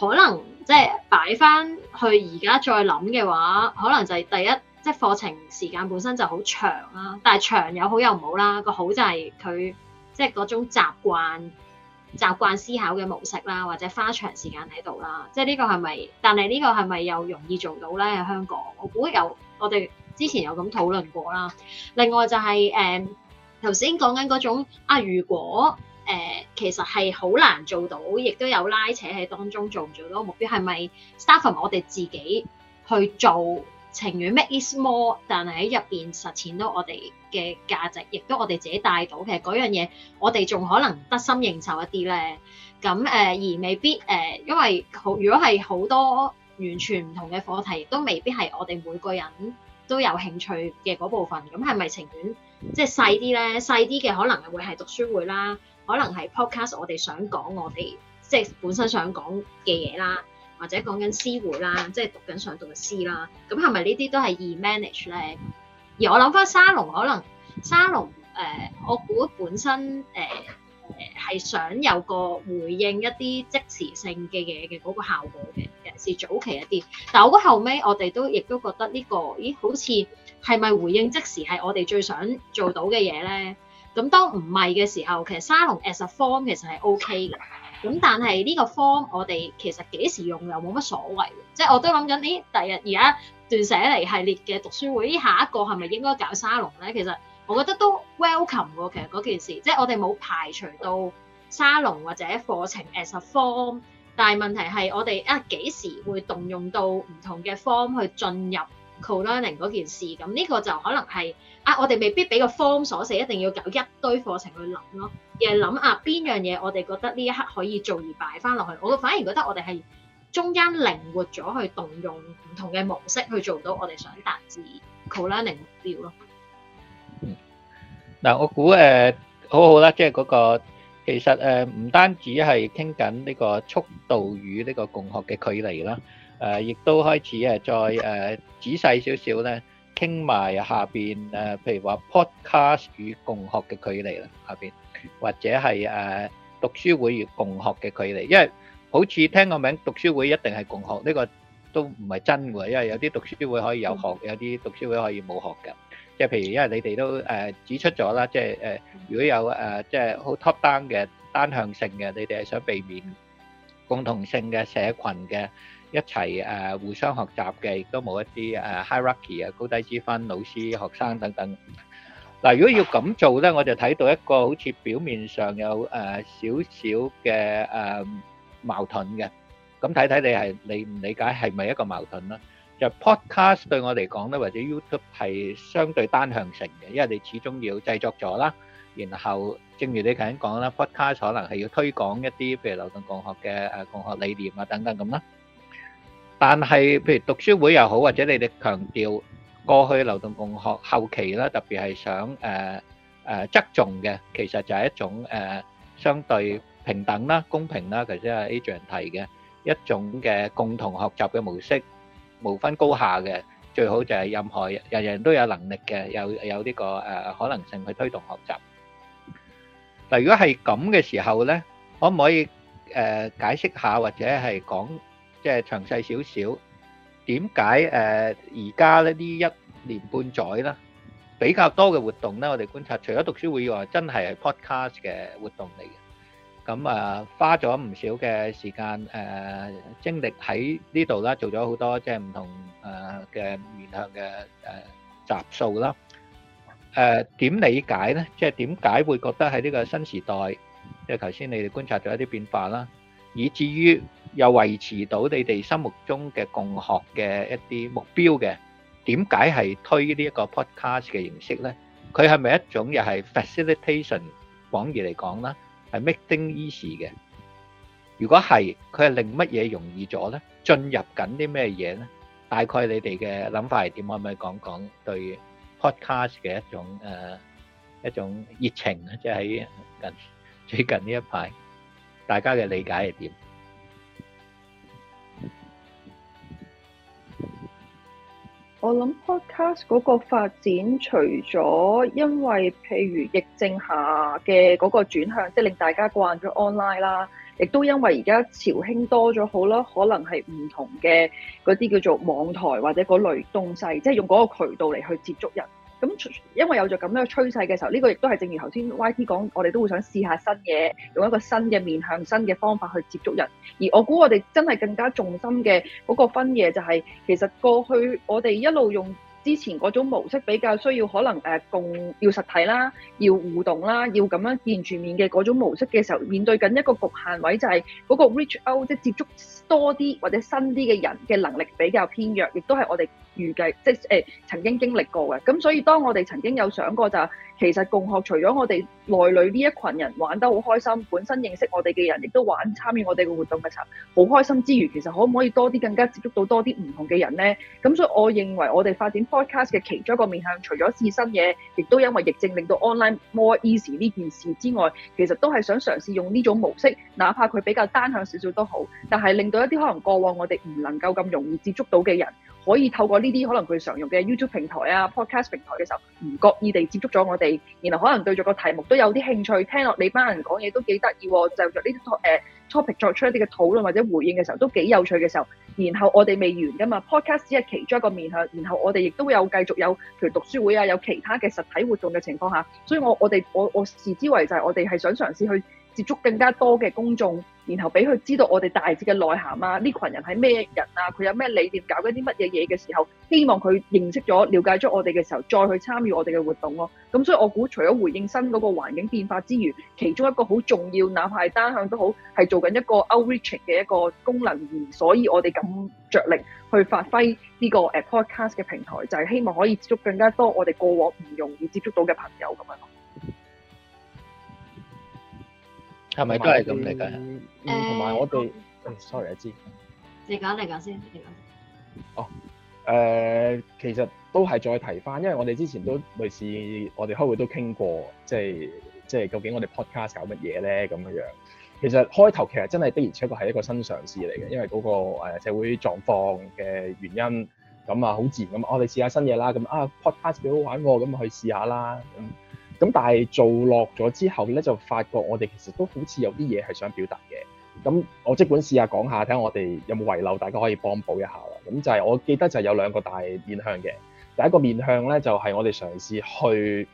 [SPEAKER 5] 可能即係擺翻去而家再諗嘅話，可能就係第一，即係課程時間本身就好長啦。但係長有好有唔好啦，個好就係佢即係嗰種習慣、習慣思考嘅模式啦，或者花長時間喺度啦。即係呢個係咪？但係呢個係咪又容易做到咧？喺香港，我估有我哋之前有咁討論過啦。另外就係誒頭先講緊嗰種啊，如果。誒、呃，其實係好難做到，亦都有拉扯喺當中做唔做到目標係咪 staff 我哋自己去做，情願 make it small，但係喺入邊實踐到我哋嘅價值，亦都我哋自己帶到。嘅實嗰樣嘢我哋仲可能得心應手一啲咧。咁誒、呃、而未必誒、呃，因為好如果係好多完全唔同嘅課題，亦都未必係我哋每個人都有興趣嘅嗰部分。咁係咪情願即係、就是、細啲咧？細啲嘅可能係會係讀書會啦。可能係 podcast，我哋想講我哋即係本身想講嘅嘢啦，或者講緊詩會啦，即係讀緊想讀嘅詩啦。咁係咪呢啲都係易 manage 咧？而我諗翻沙龍，可能沙龍誒，我估本身誒誒係想有個回應一啲即時性嘅嘢嘅嗰個效果嘅，尤其是早期一啲。但係我覺得後尾我哋都亦都覺得呢個，咦？好似係咪回應即時係我哋最想做到嘅嘢咧？咁當唔係嘅時候，其實沙龍 as a form 其實係 OK 嘅。咁但係呢個 form 我哋其實幾時用又冇乜所謂。即係我都諗緊，咦？第日而家斷捨離系列嘅讀書會，下一個係咪應該搞沙龍咧？其實我覺得都 welcome 喎。其實嗰件事，即係我哋冇排除到沙龍或者課程 as a form。但係問題係我哋啊幾時會動用到唔同嘅 form 去進入 colearning 嗰件事？咁呢個就可能係。啊！我哋未必俾個 form 所死，一定要搞一堆課程去諗咯，而係諗啊邊樣嘢我哋覺得呢一刻可以做而擺翻落去。我反而覺得我哋係中間靈活咗去動用唔同嘅模式去做到我哋想達至 co-learning 目標咯。
[SPEAKER 2] 嗱，我估誒好好啦，即係嗰個其實誒唔單止係傾緊呢個促導與呢個共學嘅距離啦，誒亦都開始誒再誒仔細少少咧。傾埋下邊誒，譬如話 Podcast 與共學嘅距離啦，下邊或者係誒讀書會與共學嘅距離，因為好似聽個名讀書會一定係共學，呢個都唔係真㗎，因為有啲讀書會可以有學，有啲讀書會可以冇學㗎。即係譬如，因為你哋都誒指出咗啦，即係誒如果有誒即係好 top down 嘅單向性嘅，你哋係想避免共同性嘅社群嘅。一齊誒互相學習嘅，亦都冇一啲誒 Hierarchy 啊高低之分，老師學生等等。嗱，如果要咁做咧，我就睇到一個好似表面上有誒少少嘅誒矛盾嘅。咁睇睇你係理唔理解係咪一個矛盾啦？就 Podcast 對我嚟講咧，或者 YouTube 係相對單向性嘅，因為你始終要製作咗啦。然後正如你頭先講啦，Podcast 可能係要推廣一啲譬如流動共學嘅誒共學理念啊等等咁啦。但係，譬如讀書會又好，或者你哋強調過去流動共學後期啦，特別係想誒誒側重嘅，其實就係一種誒相對平等啦、公平啦，頭先阿 A 君提嘅一種嘅共同學習嘅模式，無分高下嘅，最好就係任何人人都有能力嘅，有有呢個誒可能性去推動學習。嗱，如果係咁嘅時候呢，可唔可以誒解釋下，或者係講？即係詳細少少，點解誒而家咧呢一年半載啦，比較多嘅活動咧，我哋觀察，除咗讀書會以外，真係 podcast 嘅活動嚟嘅。咁啊，花咗唔少嘅時間誒，精力喺呢度啦，做咗好多即係唔同誒嘅面向嘅誒集數啦。誒點理解咧？即係點解會覺得喺呢個新時代，即係頭先你哋觀察咗一啲變化啦，以至於。又維持到你哋心目中嘅共學嘅一啲目標嘅，點解係推呢一個 podcast 嘅形式呢？佢係咪一種又係 facilitation 廣義嚟講啦，係 making easy 嘅？如果係，佢係令乜嘢容易咗呢？進入緊啲咩嘢呢？大概你哋嘅諗法係點？可唔可以講講對 podcast 嘅一種誒、呃、一種熱情啊？即係喺近最近呢一排，大家嘅理解係點？
[SPEAKER 1] 我諗 podcast 嗰個發展，除咗因為譬如疫症下嘅嗰個轉向，即係令大家慣咗 online 啦，亦都因為而家潮興多咗，好啦，可能係唔同嘅嗰啲叫做網台或者嗰類東西，即係用嗰個渠道嚟去接觸人。咁，因為有咗咁樣嘅趨勢嘅時候，呢個亦都係正如頭先 YT 講，我哋都會想試下新嘢，用一個新嘅面向新嘅方法去接觸人。而我估我哋真係更加重心嘅嗰個分野就係，其實過去我哋一路用之前嗰種模式比較需要可能誒、呃、共要實體啦，要互動啦，要咁樣見住面嘅嗰種模式嘅時候，面對緊一個局限位就係嗰個 reach out，即係接觸多啲或者新啲嘅人嘅能力比較偏弱，亦都係我哋。預計即係誒、呃，曾經經歷過嘅，咁所以當我哋曾經有想過，就係、是。其實共學除咗我哋內裏呢一群人玩得好開心，本身認識我哋嘅人亦都玩參與我哋嘅活動嘅時候，好開心之餘，其實可唔可以多啲更加接觸到多啲唔同嘅人呢？咁所以我認為我哋發展 podcast 嘅其中一個面向，除咗試新嘢，亦都因為疫症令到 online more easy 呢件事之外，其實都係想嘗試用呢種模式，哪怕佢比較單向少少，少都好，但係令到一啲可能過往我哋唔能夠咁容易接觸到嘅人，可以透過呢啲可能佢常用嘅 YouTube 平台啊、podcast 平台嘅時候，唔覺意地接觸咗我哋。然後可能對著個題目都有啲興趣，聽落你班人講嘢都幾得意喎，就着呢啲 topic 作出一啲嘅討論或者回應嘅時候都幾有趣嘅時候。然後我哋未完噶嘛，Podcast 只係其中一個面向。然後我哋亦都有繼續有譬如讀書會啊，有其他嘅實體活動嘅情況下，所以我我哋我我視之為就係我哋係想嘗試去。接觸更加多嘅公眾，然後俾佢知道我哋大致嘅內涵啊，呢群人係咩人啊，佢有咩理念，搞緊啲乜嘢嘢嘅時候，希望佢認識咗、了解咗我哋嘅時候，再去參與我哋嘅活動咯、啊。咁所以我估除咗回應新嗰個環境變化之餘，其中一個好重要，哪怕係單向都好，係做緊一個 outreaching 嘅一個功能而，所以我哋咁著力去發揮呢個 podcast 嘅平台，就係、是、希望可以接觸更加多我哋過往唔容易接觸到嘅朋友咁樣咯。
[SPEAKER 3] 係咪都係咁嚟緊？誒，同埋我哋，嗯、sorry，我知。你講
[SPEAKER 5] 嚟講先，
[SPEAKER 3] 你講。講哦，誒、呃，其實都係再提翻，因為我哋之前都類似，我哋開會都傾過，即係即係究竟我哋 podcast 搞乜嘢咧咁樣樣。其實開頭其實真係，的而且確係一個新嘗試嚟嘅，因為嗰個社會狀況嘅原因，咁啊好自然咁、哦、啊，我哋試下新嘢啦。咁啊 podcast 幾好玩喎，咁去試下啦。咁但係做落咗之後咧，就發覺我哋其實都好似有啲嘢係想表達嘅。咁我即管試下講下，睇下我哋有冇遺漏，大家可以幫補一下啦。咁就係、係、我記得就有兩個大面向嘅。第一個面向咧，就係、係、我哋嘗試去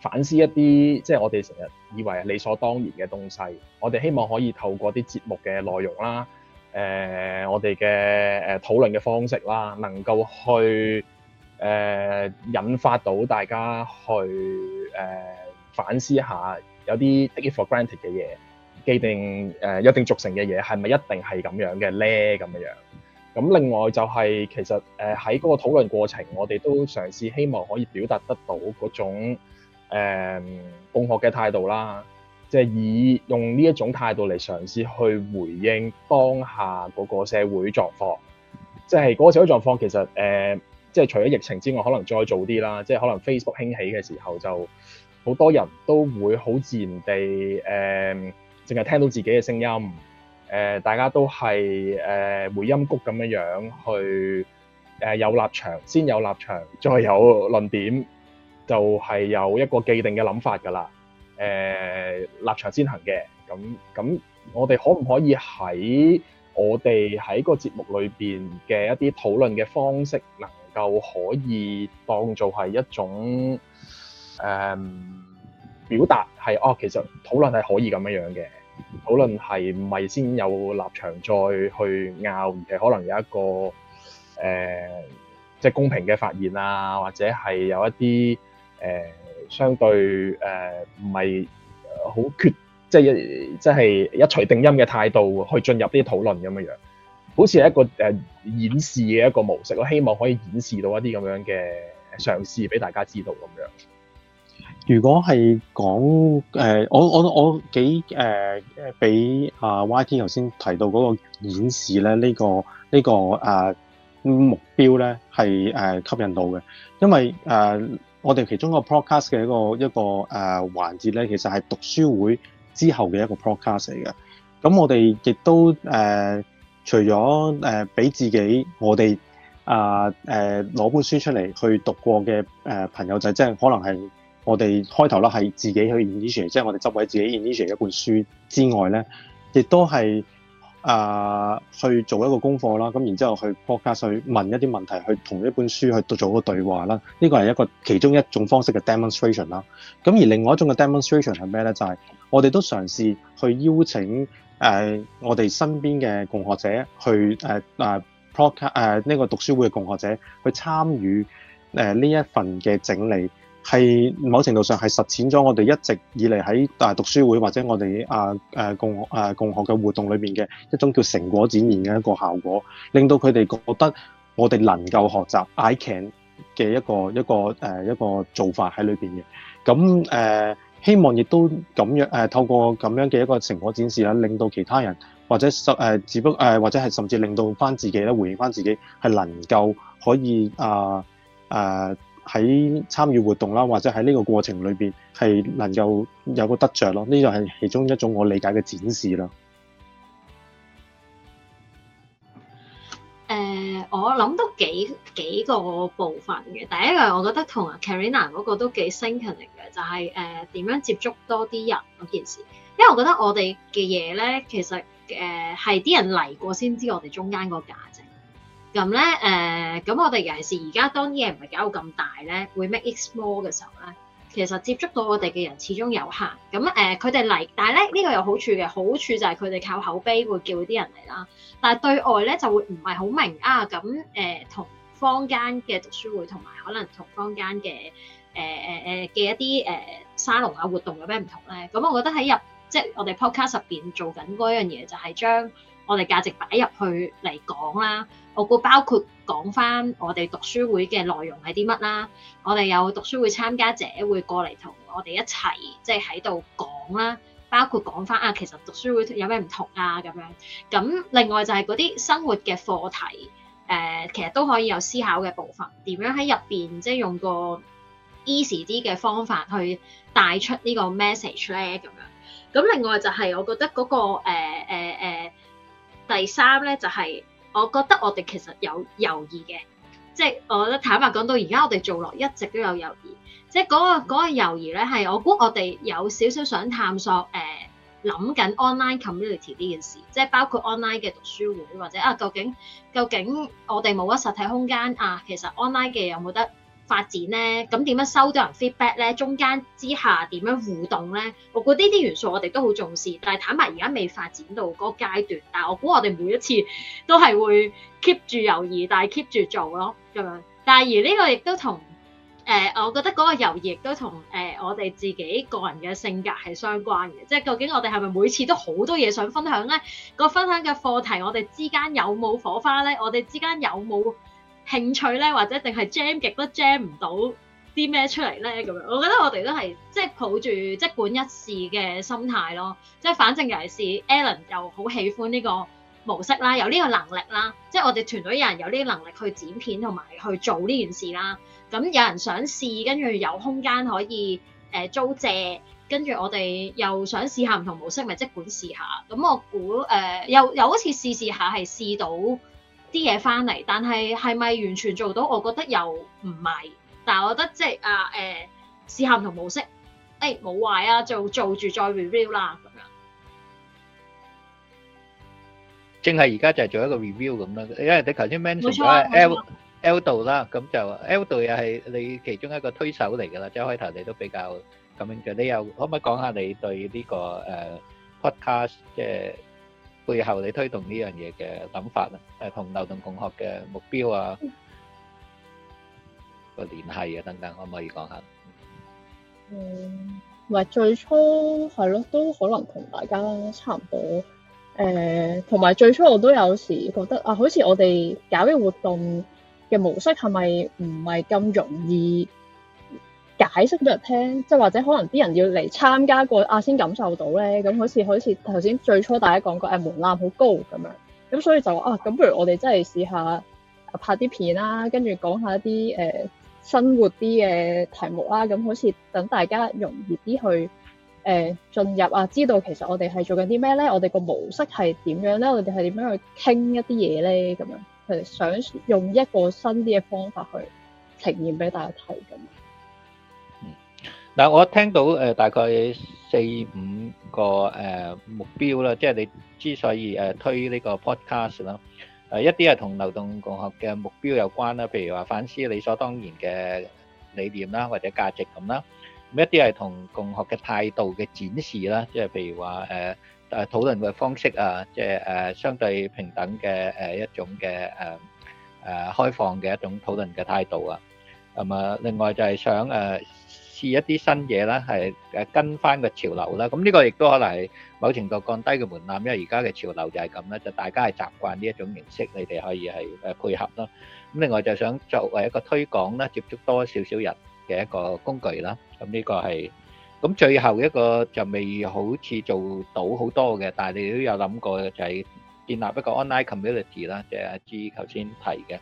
[SPEAKER 3] 反思一啲即係我哋成日以為理所當然嘅東西。我哋希望可以透過啲節目嘅內容啦、呃，我哋嘅誒討論嘅方式啦，能夠去。誒、呃，引發到大家去誒、呃、反思一下，有啲 take it for granted 嘅嘢，既定誒、呃、一定俗成嘅嘢，係咪一定係咁樣嘅咧？咁樣樣咁。另外就係、是、其實誒喺嗰個討論過程，我哋都嘗試希望可以表達得到嗰種、呃、共學嘅態度啦，即、就、係、是、以用呢一種態度嚟嘗試去回應當下嗰個社會狀況，即係嗰個社會狀況其實誒。呃即係除咗疫情之外，可能再早啲啦。即係可能 Facebook 興起嘅時候，就好多人都會好自然地誒，呃、淨係聽到自己嘅聲音、呃、大家都係誒、呃、迴音谷咁樣樣去、呃、有立場先有立場，再有論點，就係、是、有一個既定嘅諗法㗎啦、呃。立場先行嘅咁咁，那那我哋可唔可以喺我哋喺個節目裏面嘅一啲討論嘅方式就可以當做係一種誒、嗯、表達係，係哦，其實討論係可以咁樣樣嘅，討論係唔係先有立場再去拗，而係可能有一個誒即係公平嘅發言啊，或者係有一啲誒、呃、相對誒唔係好決，即、就、係、係即係、一即係一錘定音嘅態度去進入啲討論咁樣樣。好似係一個誒演示嘅一個模式，我希望可以演示到一啲咁樣嘅嘗
[SPEAKER 4] 試俾大家知道咁樣。如果係講誒，我我我幾誒俾啊 YK 頭先提到嗰個演示咧，呢、呢個呢、呢個啊、呃、目標咧係、呃、吸引到嘅，因為誒、呃、我哋其中個 podcast 嘅一個一個誒、呃、環節咧，其實係讀書會之後嘅一個 podcast 嚟嘅，咁我哋亦都誒。呃除咗誒俾自己，我哋啊誒攞本書出嚟去讀過嘅誒、呃、朋友仔，即係可能係我哋開頭啦，係自己去 initiate，即係我哋執位自己 initiate 一本書之外咧，亦都係啊、呃、去做一個功課啦，咁然之後去 podcast 問一啲問題去同一本書去做一個對話啦。呢、這個係一個其中一種方式嘅 demonstration 啦。咁而另外一種嘅 demonstration 係咩咧？就係、是、我哋都嘗試去邀請誒，uh, 我哋身邊嘅共學者去誒啊 p 呢個讀書會嘅共學者去參與誒呢、uh, 一份嘅整理，係某程度上係實踐咗我哋一直以嚟喺啊讀書會或者我哋啊誒共啊共學嘅 uh, 活動裏邊嘅一種叫成果展現嘅一個效果，令到佢哋覺得我哋能夠學習 I can 嘅一個一個誒，uh, 一個做法喺裏邊嘅，咁誒。Uh, 希望亦都咁樣誒，透過咁樣嘅一個成果展示啦，令到其他人或者十誒，只不誒，或者係、呃、甚至令到翻自己咧，回應翻自己係能夠可以啊誒喺參與活動啦，或者喺呢個過程裏邊係能夠有個得着咯。呢就係其中一種我理解嘅展示啦。
[SPEAKER 5] 我諗都幾幾個部分嘅，第一個我覺得同 Karena 嗰個都幾 synching 嘅，就係誒點樣接觸多啲人嗰件事，因為我覺得我哋嘅嘢咧，其實誒係啲人嚟過先知我哋中間個價值。咁咧誒，咁、呃、我哋尤其是而家當啲嘢唔係搞到咁大咧，會 make it more 嘅時候咧。其實接觸到我哋嘅人始終有限，咁誒佢哋嚟，但係咧呢個有好處嘅，好處就係佢哋靠口碑會叫啲人嚟啦。但係對外咧就會唔係好明啊。咁誒同坊間嘅讀書會同埋可能同坊間嘅誒誒誒嘅一啲誒沙龍啊活動有咩唔同咧？咁我覺得喺入即係我哋 podcast 入邊做緊嗰樣嘢，就係將我哋價值擺入去嚟講啦。我估包括。講翻我哋讀書會嘅內容係啲乜啦？我哋有讀書會參加者會過嚟同我哋一齊，即係喺度講啦。包括講翻啊，其實讀書會有咩唔同啊咁樣。咁另外就係嗰啲生活嘅課題，誒、呃、其實都可以有思考嘅部分。麼樣在就是、點樣喺入邊即係用個 easy 啲嘅方法去帶出這個呢個 message 咧？咁樣。咁另外就係我覺得嗰、那個誒誒、呃呃呃、第三咧就係、是。我覺得我哋其實有猶豫嘅，即係我覺得坦白講到而家我哋做落一直都有猶豫，即係嗰個嗰個猶豫咧係我估我哋有少少想探索誒，諗緊 online community 呢件事，即係包括 online 嘅讀書會或者啊，究竟究竟我哋冇咗實體空間啊，其實 online 嘅有冇得？發展咧，咁點樣收到人 feedback 咧？中間之下點樣互動咧？我估呢啲元素我哋都好重視，但係坦白而家未發展到嗰個階段。但係我估我哋每一次都係會 keep 住猶豫，但係 keep 住做咯咁樣。但係而呢個亦都同、呃、我覺得嗰個猶豫亦都同、呃、我哋自己個人嘅性格係相關嘅，即係究竟我哋係咪每次都好多嘢想分享咧？個分享嘅課題，我哋之間有冇火花咧？我哋之間有冇？興趣咧，或者定係 jam 極都 jam 唔到啲咩出嚟咧咁樣，我覺得我哋都係即係抱住即管一試嘅心態咯。即係反正尤其是 Alan 又好喜歡呢個模式啦，有呢個能力啦，即係我哋團隊有人有呢個能力去剪片同埋去做呢件事啦。咁有人想試，跟住有空間可以誒、呃、租借，跟住我哋又想試下唔同模式，咪即管試下。咁我估誒又又好似試試下係試到啲嘢翻嚟，但係係咪完全做到？我覺得又唔係，但係我覺得即係啊誒試下唔同模式，誒冇壞啊，就做做住再 review 啦咁樣。
[SPEAKER 2] 正係而家就係做一個 review 咁啦，因為你頭先 mention 咗 L L 度啦，咁就 L 度又係你其中一個推手嚟噶啦，即開頭你都比較咁樣嘅。你又可唔可以講下你對呢個誒 podcast 即係？背後你推動呢樣嘢嘅諗法啊，誒，同流動共學嘅目標啊、個聯繫啊等等，可唔可以講下？嗯，
[SPEAKER 6] 唔係最初係咯，都可能同大家差唔多。誒、呃，同埋最初我都有時覺得啊，好似我哋搞嘅活動嘅模式係咪唔係咁容易？解釋俾人聽，即係或者可能啲人要嚟參加過啊，先感受到咧。咁好似好似頭先最初大家講過誒門檻好高咁樣，咁所以就啊咁，不如我哋真係試下拍啲片啦，跟住講下一啲誒生活啲嘅題目啦、啊，咁好似等大家容易啲去誒、呃、進入啊，知道其實我哋係做緊啲咩咧？我哋個模式係點樣咧？我哋係點樣去傾一啲嘢咧？咁樣佢哋想用一個新啲嘅方法去呈現俾大家睇咁。
[SPEAKER 2] 嗱，我聽到誒大概四五個誒目標啦，即係你之所以誒推呢個 Podcast 啦，誒一啲係同流動共學嘅目標有關啦，譬如話反思理所當然嘅理念啦，或者價值咁啦，咁一啲係同共學嘅態度嘅展示啦，即係譬如話誒誒討論嘅方式啊，即係誒相對平等嘅誒一種嘅誒誒開放嘅一種討論嘅態度啊，咁啊，另外就係想誒。試一啲新嘢啦，係誒跟翻個潮流啦。咁呢個亦都可能係某程度降低個門檻，因為而家嘅潮流就係咁啦，就大家係習慣呢一種形式，你哋可以係誒配合啦。咁另外就想作為一個推廣啦，接觸多少少人嘅一個工具啦。咁呢個係咁最後一個就未好似做到好多嘅，但係你都有諗過就係建立一個 online community 啦，即係阿 G 頭先提嘅。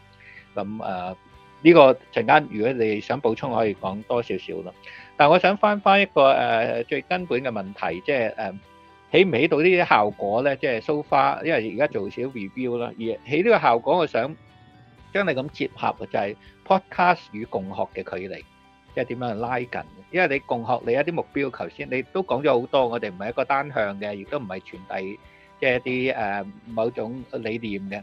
[SPEAKER 2] 咁誒。呢個陣間，如果你想補充，可以講多少少咯。但係我想翻翻一個誒最根本嘅問題，即係誒起唔起到呢啲效果咧？即係 so far，因為而家做少 review 啦。而起呢個效果，我想將你咁接合嘅就係 podcast 與共學嘅距離，即係點樣拉近？因為你共學，你一啲目標，頭先你都講咗好多，我哋唔係一個單向嘅，亦都唔係傳遞即係一啲誒某種理念嘅。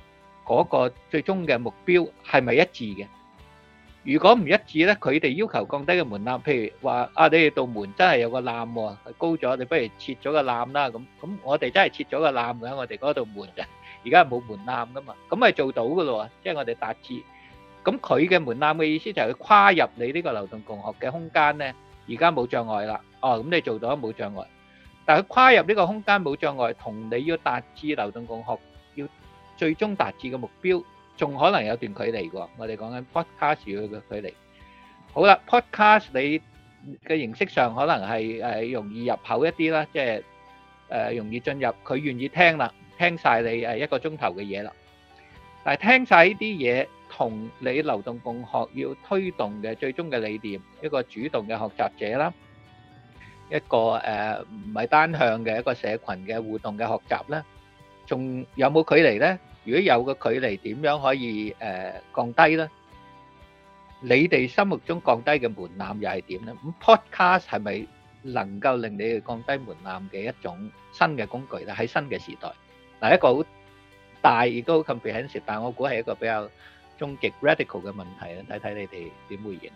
[SPEAKER 2] 嗰個最終嘅目標係咪一致嘅？如果唔一致咧，佢哋要求降低嘅門檻，譬如話啊，你哋道門真係有個檻喎，高咗，你不如切咗個檻啦。咁咁，我哋真係切咗個檻嘅，我哋嗰度門就而家冇門檻噶嘛。咁係做到㗎咯喎，即係我哋達至。咁佢嘅門檻嘅意思就係佢跨入你呢個流動共學嘅空間咧，而家冇障礙啦。哦，咁你做到冇障礙，但係佢跨入呢個空間冇障礙，同你要達至流動共學要，最終達至嘅目標，仲可能有段距離㗎。我哋講緊 podcast 嘅距離。好啦，podcast 你嘅形式上可能係誒容易入口一啲啦，即係誒容易進入，佢願意聽啦，聽晒你誒一個鐘頭嘅嘢啦。但係聽晒呢啲嘢，同你流動共學要推動嘅最終嘅理念，一個主動嘅學習者啦，一個誒唔係單向嘅一個社群嘅互動嘅學習呢，仲有冇距離呢？如果有個距離，點樣可以誒降低咧？你哋心目中降低嘅門檻又係點咧？咁 Podcast 係咪能夠令你哋降低門檻嘅一種新嘅工具咧？喺新嘅時代，嗱，一個好大亦都好 comprehensive 嘅一件事，但係我估係一個比較終極 radical 嘅問題啦。睇睇你哋點回應。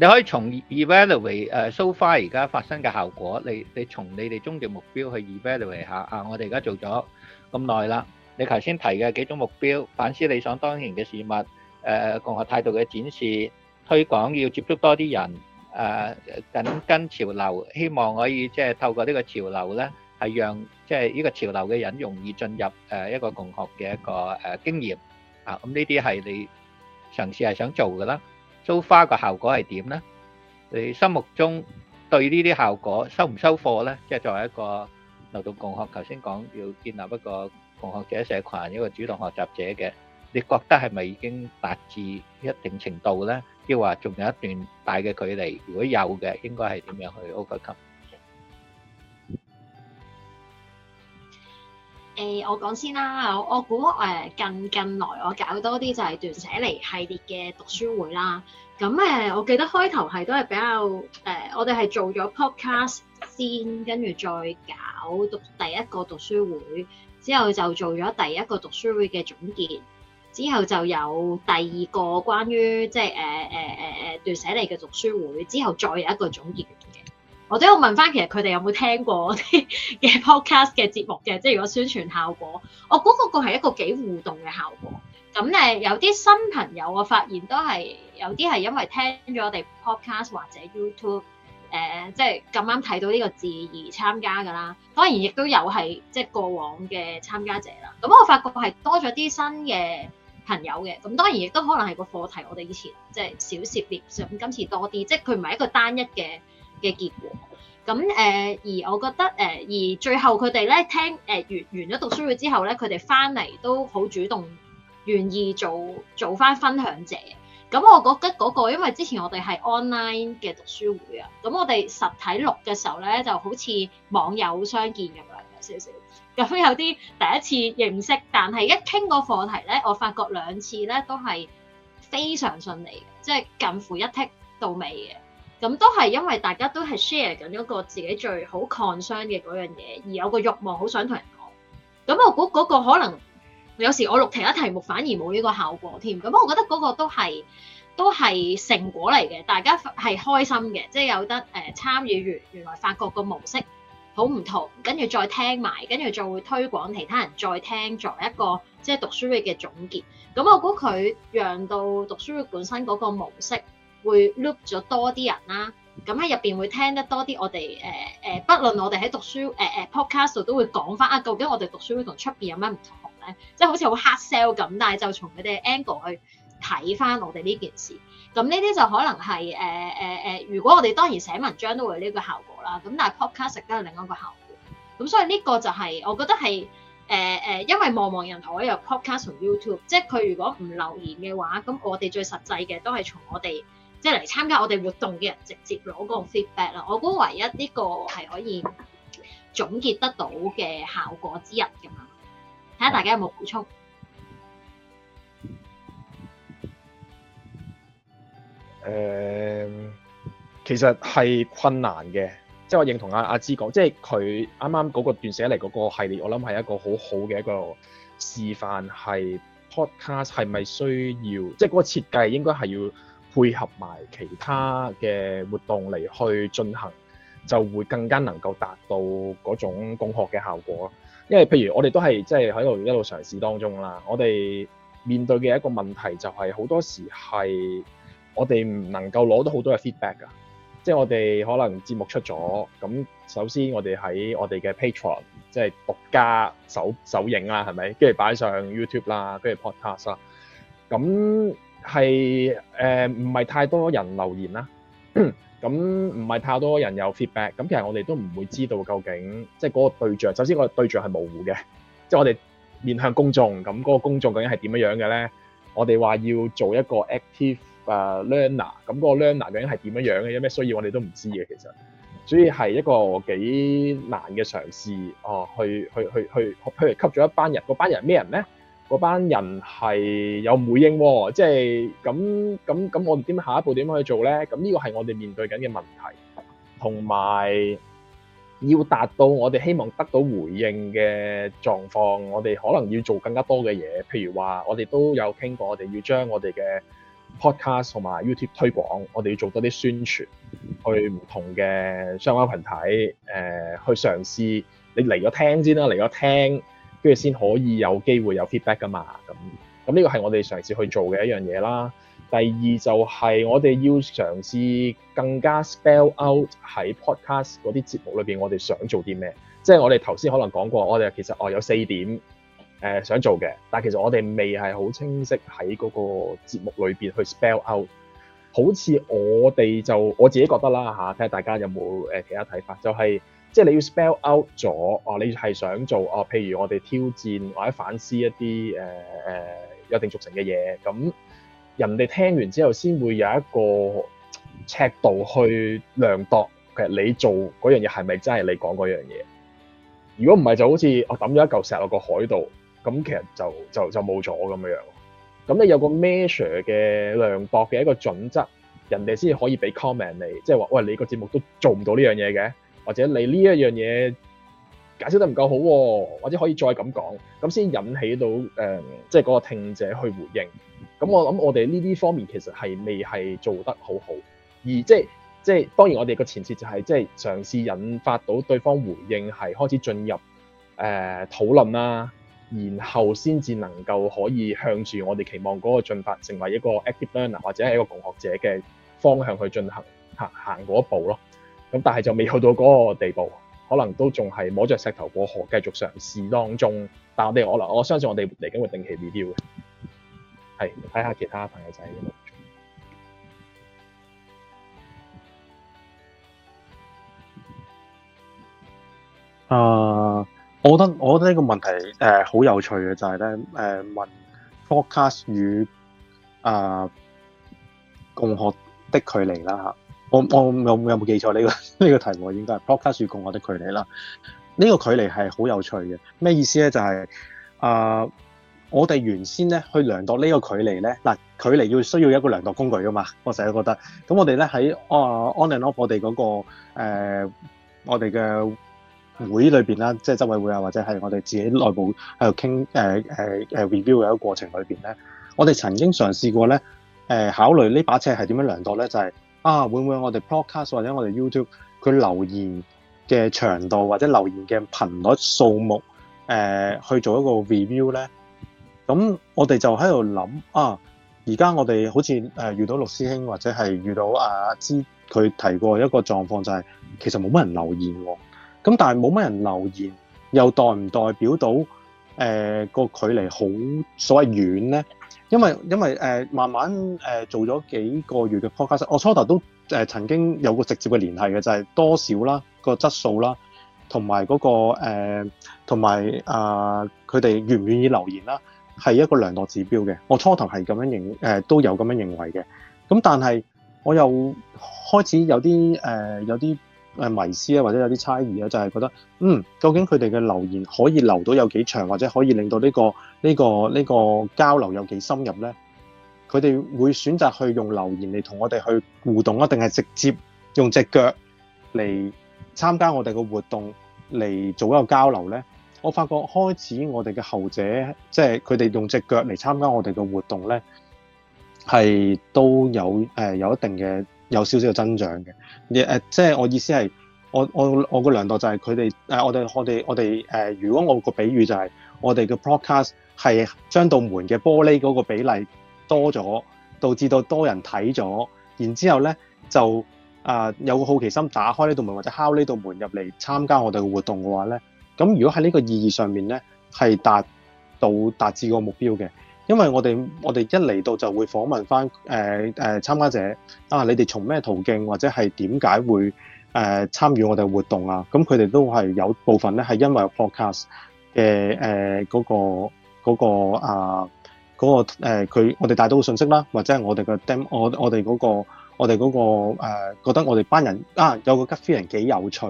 [SPEAKER 2] 你可以從 evaluate 誒 so far 而家發生嘅效果，你你從你哋終極目標去 evaluate 下啊！我哋而家做咗咁耐啦，你頭先提嘅幾種目標，反思理所當然嘅事物，誒共學態度嘅展示，推廣要接觸多啲人，誒緊跟潮流，希望可以即係透過呢個潮流咧，係讓即係呢個潮流嘅人容易進入誒一個共學嘅一個誒經驗啊！咁呢啲係你嘗試係想做噶啦。都花個效果係點呢？你心目中對呢啲效果收唔收貨呢？即係作為一個流動共學，頭先講要建立一個共學者社群，一個主動學習者嘅，你覺得係咪已經達至一定程度呢？即係話仲有一段大嘅距離，如果有嘅，應該係點樣去 upgrade？
[SPEAKER 5] 誒、欸、我講先啦，我我估誒近近來我搞多啲就係斷捨離系列嘅讀書會啦。咁誒，我記得開頭係都係比較誒、呃，我哋係做咗 podcast 先，跟住再搞讀第一個讀書會，之後就做咗第一個讀書會嘅總結，之後就有第二個關於即係誒誒誒誒斷捨離嘅讀書會，之後再有一個總結。或者我問翻，其實佢哋有冇聽過我哋嘅 podcast 嘅節目嘅？即係如果宣傳效果，我估嗰個係一個幾互動嘅效果。咁誒，有啲新朋友我發現都係有啲係因為聽咗我哋 podcast 或者 YouTube 誒、呃，即係咁啱睇到呢個字而參加㗎啦。當然亦都有係即係過往嘅參加者啦。咁我發覺係多咗啲新嘅朋友嘅。咁當然亦都可能係個課題，我哋以前即係少涉獵，上今次多啲。即係佢唔係一個單一嘅嘅結果，咁誒、呃、而我覺得誒、呃、而最後佢哋咧聽誒、呃、完完咗讀書會之後咧，佢哋翻嚟都好主動願意做做翻分享者。咁我覺得嗰個因為之前我哋係 online 嘅讀書會啊，咁我哋實體錄嘅時候咧就好似網友相見咁樣有少少，咁有啲第一次認識，但係一傾個課題咧，我發覺兩次咧都係非常順利嘅，即、就、係、是、近乎一剔到尾嘅。咁都係因為大家都係 share 緊嗰個自己最好 concern 嘅嗰樣嘢，而有個慾望好想同人講。咁我估嗰個可能有時我錄其他題目反而冇呢個效果添。咁我覺得嗰個都係都係成果嚟嘅，大家係開心嘅，即係有得誒參與完原來發覺個模式好唔同，跟住再聽埋，跟住再會推廣其他人再聽作為一個即係讀書會嘅總結。咁我估佢讓到讀書會本身嗰個模式，會 look 咗多啲人啦，咁喺入邊會聽得多啲我哋、呃呃、不論我哋喺讀書、呃、podcast 都會講翻啊，究竟我哋讀書會同出面有咩唔同咧？即係好似好 hard sell 咁，但係就從佢哋 angle 去睇翻我哋呢件事。咁呢啲就可能係、呃呃、如果我哋當然寫文章都會有呢個效果啦。咁但係 podcast 都係另一個效果。咁所以呢個就係、是、我覺得係、呃、因為茫茫人海有 podcast 同 YouTube，即係佢如果唔留言嘅話，咁我哋最實際嘅都係從我哋。即係嚟參加我哋活動嘅人，直接攞個 feedback 啦。我估唯一呢個係可以總結得到嘅效果之一㗎嘛。睇下大家有冇補充？
[SPEAKER 3] 誒、嗯，其實係困難嘅，即係我認同阿、啊、阿、啊、芝講，即係佢啱啱嗰個段寫嚟嗰個系列，我諗係一個好好嘅一個示範，係 podcast 係咪需要，即係嗰個設計應該係要。配合埋其他嘅活動嚟去進行，就會更加能夠達到嗰種共學嘅效果。因為譬如我哋都係即係喺度一路嘗試當中啦。我哋面對嘅一個問題就係、是、好多時係我哋唔能夠攞到好多嘅 feedback 啊。即係我哋可能節目出咗，咁首先我哋喺我哋嘅 Patreon 即係獨家首首映啦，係咪？跟住擺上 YouTube 啦，跟住 podcast 啦，咁。係誒，唔係、呃、太多人留言啦，咁唔係太多人有 feedback，咁其實我哋都唔會知道究竟即係嗰個對象。首先，我哋對象係模糊嘅，即係我哋面向公眾，咁嗰個公眾究竟係點樣嘅咧？我哋話要做一個 active learner，咁嗰個 learner 究竟係點樣嘅？有咩需要我哋都唔知嘅其實，所以係一個幾難嘅嘗試哦、呃，去去去去，譬如吸咗一班人，嗰班人係咩人咧？嗰班人係有唔回應喎，即係咁咁咁，我哋點下一步點樣去做咧？咁呢個係我哋面對緊嘅問題，同埋要達到我哋希望得到回應嘅狀況，我哋可能要做更加多嘅嘢。譬如話，我哋都有傾過，我哋要將我哋嘅 podcast 同埋 YouTube 推廣，我哋要做多啲宣傳，去唔同嘅相關羣體，誒、呃，去嘗試，你嚟咗聽先啦，嚟咗聽。跟住先可以有機會有 feedback 㗎嘛，咁咁呢個係我哋嘗試去做嘅一樣嘢啦。第二就係我哋要嘗試更加 spell out 喺 podcast 嗰啲節目裏面，我哋想做啲咩？即係我哋頭先可能講過，我哋其實哦有四點、呃、想做嘅，但係其實我哋未係好清晰喺嗰個節目裏面去 spell out。好似我哋就我自己覺得啦嚇，睇下、啊、大家有冇、呃、其他睇法，就係、是。即係你要 spell out 咗哦、啊，你係想做、啊、譬如我哋挑戰或者反思一啲誒誒約定俗成嘅嘢，咁人哋聽完之後先會有一個尺度去量度其實你做嗰樣嘢係咪真係你講嗰樣嘢？如果唔係就好似我抌咗一嚿石落個海度，咁其實就就就冇咗咁樣，咁你有個 measure 嘅量度嘅一個準則，人哋先至可以俾 comment 你，即係話喂你個節目都做唔到呢樣嘢嘅。或者你呢一樣嘢解釋得唔夠好、啊，或者可以再咁講，咁先引起到誒，即係嗰個聽者去回應。咁我諗我哋呢啲方面其實係未係做得好好，而即係即係當然我哋個前設就係、是、即係嘗試引發到對方回應，係開始進入誒、呃、討論啦、啊，然後先至能夠可以向住我哋期望嗰個進發，成為一個 active learner 或者係一個共學者嘅方向去進行行行過一步咯。咁但係就未去到嗰個地步，可能都仲係摸着石頭過河，繼續嘗試當中。但我哋可能我相信我哋嚟緊會定期 review 嘅，係睇下其他朋友仔。誒、uh,，我
[SPEAKER 4] 覺得我覺得呢個問題誒好、呃、有趣嘅就係咧誒問 Forecast 與誒、呃、共學的距離啦吓。我我有有冇記錯呢、這個呢、這個題目應該係促導與共學的距離啦。呢個距離係好有趣嘅，咩意思咧？就係、是、啊、呃，我哋原先咧去量度呢個距離咧，嗱距離要需要一個量度工具噶嘛。我成日覺得咁、那個呃，我哋咧喺 on and off 我哋嗰個我哋嘅會裏邊啦，即、就、係、是、執委會啊，或者係我哋自己內部喺度傾誒、呃、誒誒、呃、review 嘅一個過程裏面咧，我哋曾經嘗試過咧、呃、考慮呢把尺係點樣量度咧，就係、是。啊，會唔會我哋 podcast 或者我哋 YouTube 佢留言嘅長度或者留言嘅頻率數目誒、呃、去做一個 review 咧？咁我哋就喺度諗啊，而家我哋好似、呃、遇到陸師兄或者係遇到阿、啊、芝，佢提過一個狀況就係、是、其實冇乜人留言喎、哦。咁但係冇乜人留言，又代唔代表到誒、呃、個距離好所謂遠咧？因為因為誒、呃、慢慢誒、呃、做咗幾個月嘅 podcast，我初頭都誒、呃、曾經有個直接嘅聯繫嘅，就係、係、多少啦、個質素啦，同埋嗰個同埋啊佢哋願唔願意留言啦，係一個量度指標嘅。我初頭係咁樣認、呃、都有咁樣認為嘅。咁但係我又開始有啲誒、呃、有啲。誒迷思啊，或者有啲猜疑啊，就係覺得嗯，究竟佢哋嘅留言可以留到有幾長，或者可以令到呢個呢個呢個交流有幾深入咧？佢哋會選擇去用留言嚟同我哋去互動啊，定係直接用隻腳嚟參加我哋嘅活動嚟做一個交流咧？我發覺開始我哋嘅後者，即係佢哋用隻腳嚟參加我哋嘅活動咧，係都有誒有一定嘅。有少少嘅增長嘅，你誒即係我意思係，我我我個良度就係佢哋誒我哋我哋我哋誒，如果我個比喻就係、是、我哋嘅 broadcast 係將道門嘅玻璃嗰個比例多咗，導致到多人睇咗，然之後咧就誒、呃、有好奇心打開呢道門或者敲呢道門入嚟參加我哋嘅活動嘅話咧，咁如果喺呢個意義上面咧係達到達至個目標嘅。因為我哋我哋一嚟到就會訪問翻誒誒參加者啊，你哋從咩途徑或者係點解會誒參與我哋嘅活動啊？咁佢哋都係有部分咧係因為 podcast 嘅誒嗰、呃那個嗰、那個、啊嗰、那個佢、呃、我哋帶到嘅信息啦，或者係我哋嘅 demo 我我哋嗰、那個我哋嗰、那個誒、呃、覺得我哋班人啊有個吉菲人幾有趣，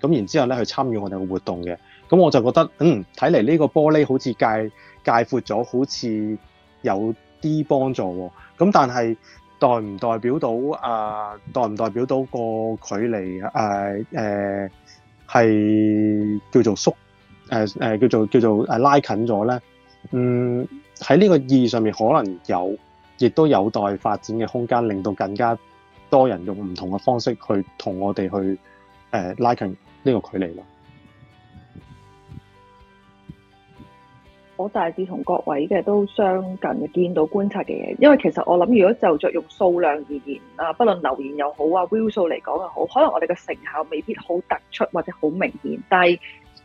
[SPEAKER 4] 咁然之後咧去參與我哋嘅活動嘅，咁我就覺得嗯睇嚟呢個玻璃好似界。界闊咗，好似有啲幫助喎。咁但係代唔代表到啊、呃？代唔代表到個距離啊？誒、呃、係、呃、叫做縮誒、呃、叫做叫做誒拉近咗咧。嗯，喺呢個意義上面可能有，亦都有待發展嘅空間，令到更加多人用唔同嘅方式去同我哋去誒、呃、拉近呢個距離咯。
[SPEAKER 1] 我大致同各位嘅都相近，見到觀察嘅嘢，因為其實我諗如果就著用數量而言啊，不論留言又好啊，view 數嚟講又好，可能我哋嘅成效未必好突出或者好明顯，但係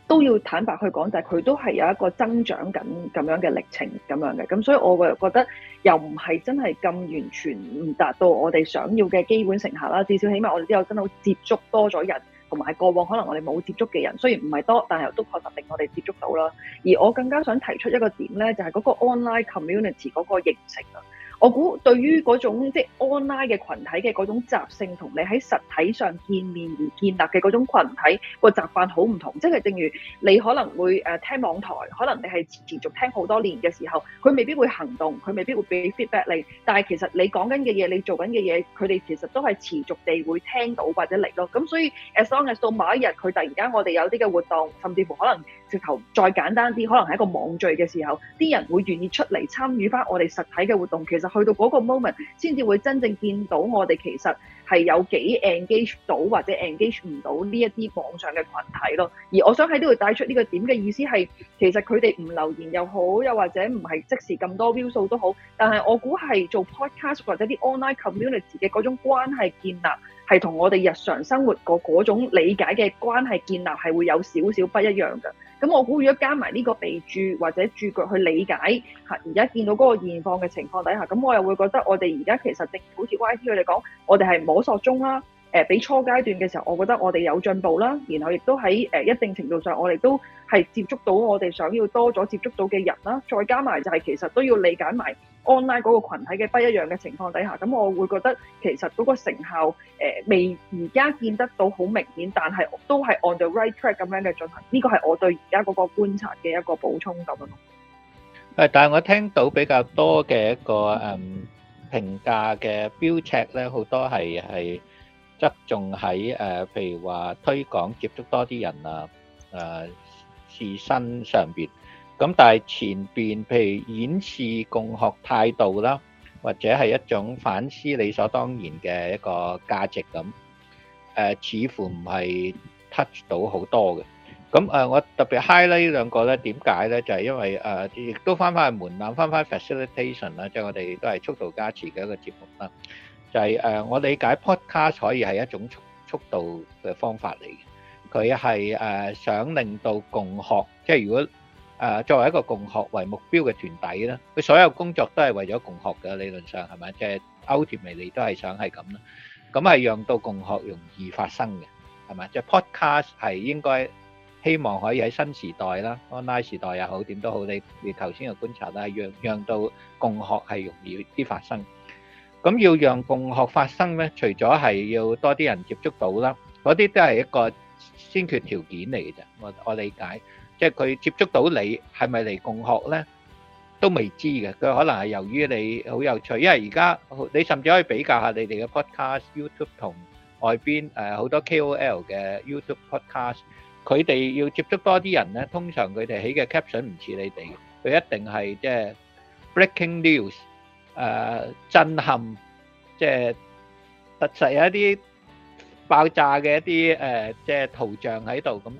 [SPEAKER 1] 都要坦白去講，就係佢都係有一個增長緊咁樣嘅歷程咁樣嘅，咁所以我覺得又唔係真係咁完全唔達到我哋想要嘅基本成效啦，至少起碼我哋都有真係會接觸多咗人。同埋過往可能我哋冇接觸嘅人，雖然唔係多，但係都確實令我哋接觸到啦。而我更加想提出一個點咧，就係嗰個 online community 嗰個形成啊。我估對於嗰種即係 online 嘅群體嘅嗰種習性，同你喺實體上見面而建立嘅嗰種群體，個習慣好唔同。即係正如你可能會誒聽網台，可能你係持續聽好多年嘅時候，佢未必會行動，佢未必會俾 feedback 你。但係其實你講緊嘅嘢，你做緊嘅嘢，佢哋其實都係持續地會聽到或者嚟咯。咁所以 as long as 到某一日佢突然間我哋有啲嘅活動，甚至乎可能。直頭再簡單啲，可能喺一個網聚嘅時候，啲人會願意出嚟參與返我哋實體嘅活動。其實去到嗰個 moment，先至會真正見到我哋其實係有幾 engage 到或者 engage 唔到呢一啲網上嘅群體咯。而我想喺呢度帶出呢個點嘅意思係，其實佢哋唔留言又好，又或者唔係即時咁多 view 數都好，但係我估係做 podcast 或者啲 online community 嘅嗰種關係建立，係同我哋日常生活嘅嗰種理解嘅關係建立係會有少少不一樣嘅。咁我估如果加埋呢個備註或者注腳去理解吓，而家見到嗰個現況嘅情況底下，咁我又會覺得我哋而家其實正好似 YT 佢哋講，我哋係摸索中啦。誒比初階段嘅時候，我覺得我哋有進步啦，然後亦都喺誒一定程度上，我哋都係接觸到我哋想要多咗接觸到嘅人啦。再加埋就係其實都要理解埋 online 嗰個羣體嘅不一樣嘅情況底下，咁我會覺得其實嗰個成效誒未而家見得到好明顯，但係都係按照 right track 咁樣嘅進行。呢個係我對而家嗰個觀察嘅一個補充咁咯。
[SPEAKER 2] 誒，但係我聽到比較多嘅一個誒評價嘅標尺咧，好多係係。側重喺誒，譬如話推廣接觸多啲人啊，誒事身上邊。咁但係前邊譬如演示共學態度啦，或者係一種反思理所當然嘅一個價值咁，誒似乎唔係 touch 到好多嘅。咁誒，我特別 highlight 呢兩個咧，點解咧？就係因為誒，亦都翻翻去門檻，翻翻 facilitation 啦，即係我哋都係促導加持嘅一個節目啦。就係誒，我理解 Podcast 可以係一種促導嘅方法嚟嘅。佢係誒想令到共學，即係如果誒作為一個共學為目標嘅團體咧，佢所有工作都係為咗共學嘅理論上係咪？即係 ultimate 都係想係咁啦。咁係讓到共學容易發生嘅，係咪？即係 Podcast 係應該希望可以喺新時代啦，online 時代又好點都好，你你頭先嘅觀察啦，讓讓到共學係容易啲發生。咁要讓共學發生呢，除咗係要多啲人接觸到啦，嗰啲都係一個先決條件嚟嘅啫。我我理解，即係佢接觸到你係咪嚟共學呢，都未知嘅。佢可能係由於你好有趣，因為而家你甚至可以比較下你哋嘅 podcast、YouTube 同外邊誒好多 KOL 嘅 YouTube podcast，佢哋要接觸多啲人呢，通常佢哋起嘅 caption 唔似你哋，佢一定係即係 breaking news。誒震撼，即係特實有一啲爆炸嘅一啲誒，即係圖像喺度。咁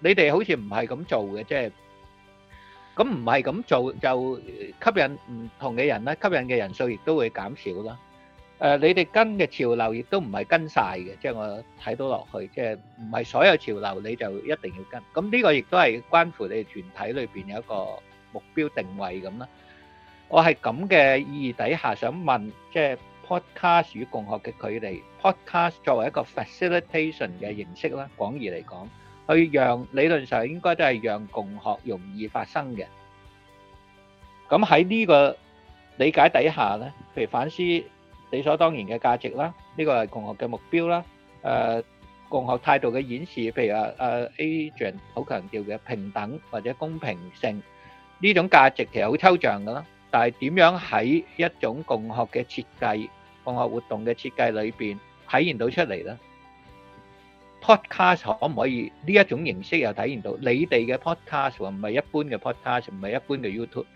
[SPEAKER 2] 你哋好似唔係咁做嘅，即係咁唔係咁做就吸引唔同嘅人啦，吸引嘅人數亦都會減少啦。誒，你哋跟嘅潮流亦都唔係跟晒嘅，即係我睇到落去，即係唔係所有潮流你就一定要跟。咁呢個亦都係關乎你哋團體裏邊有一個目標定位咁啦。我係咁嘅意義底下想問，即係 podcast 與共學嘅距離。podcast 作為一個 facilitation 嘅形式啦，廣義嚟講，去讓理論上應該都係讓共學容易發生嘅。咁喺呢個理解底下咧，譬如反思理所當然嘅價值啦，呢個係共學嘅目標啦。誒，共學態度嘅演示，譬如啊，誒 agent 好強調嘅平等或者公平性呢種價值，其實好抽象噶啦。但係點樣喺一種共學嘅設計、共學活動嘅設計裏邊體現到出嚟咧？Podcast 可唔可以呢一種形式又體現到？你哋嘅 Podcast 唔係一般嘅 Podcast，唔係一般嘅 YouTube。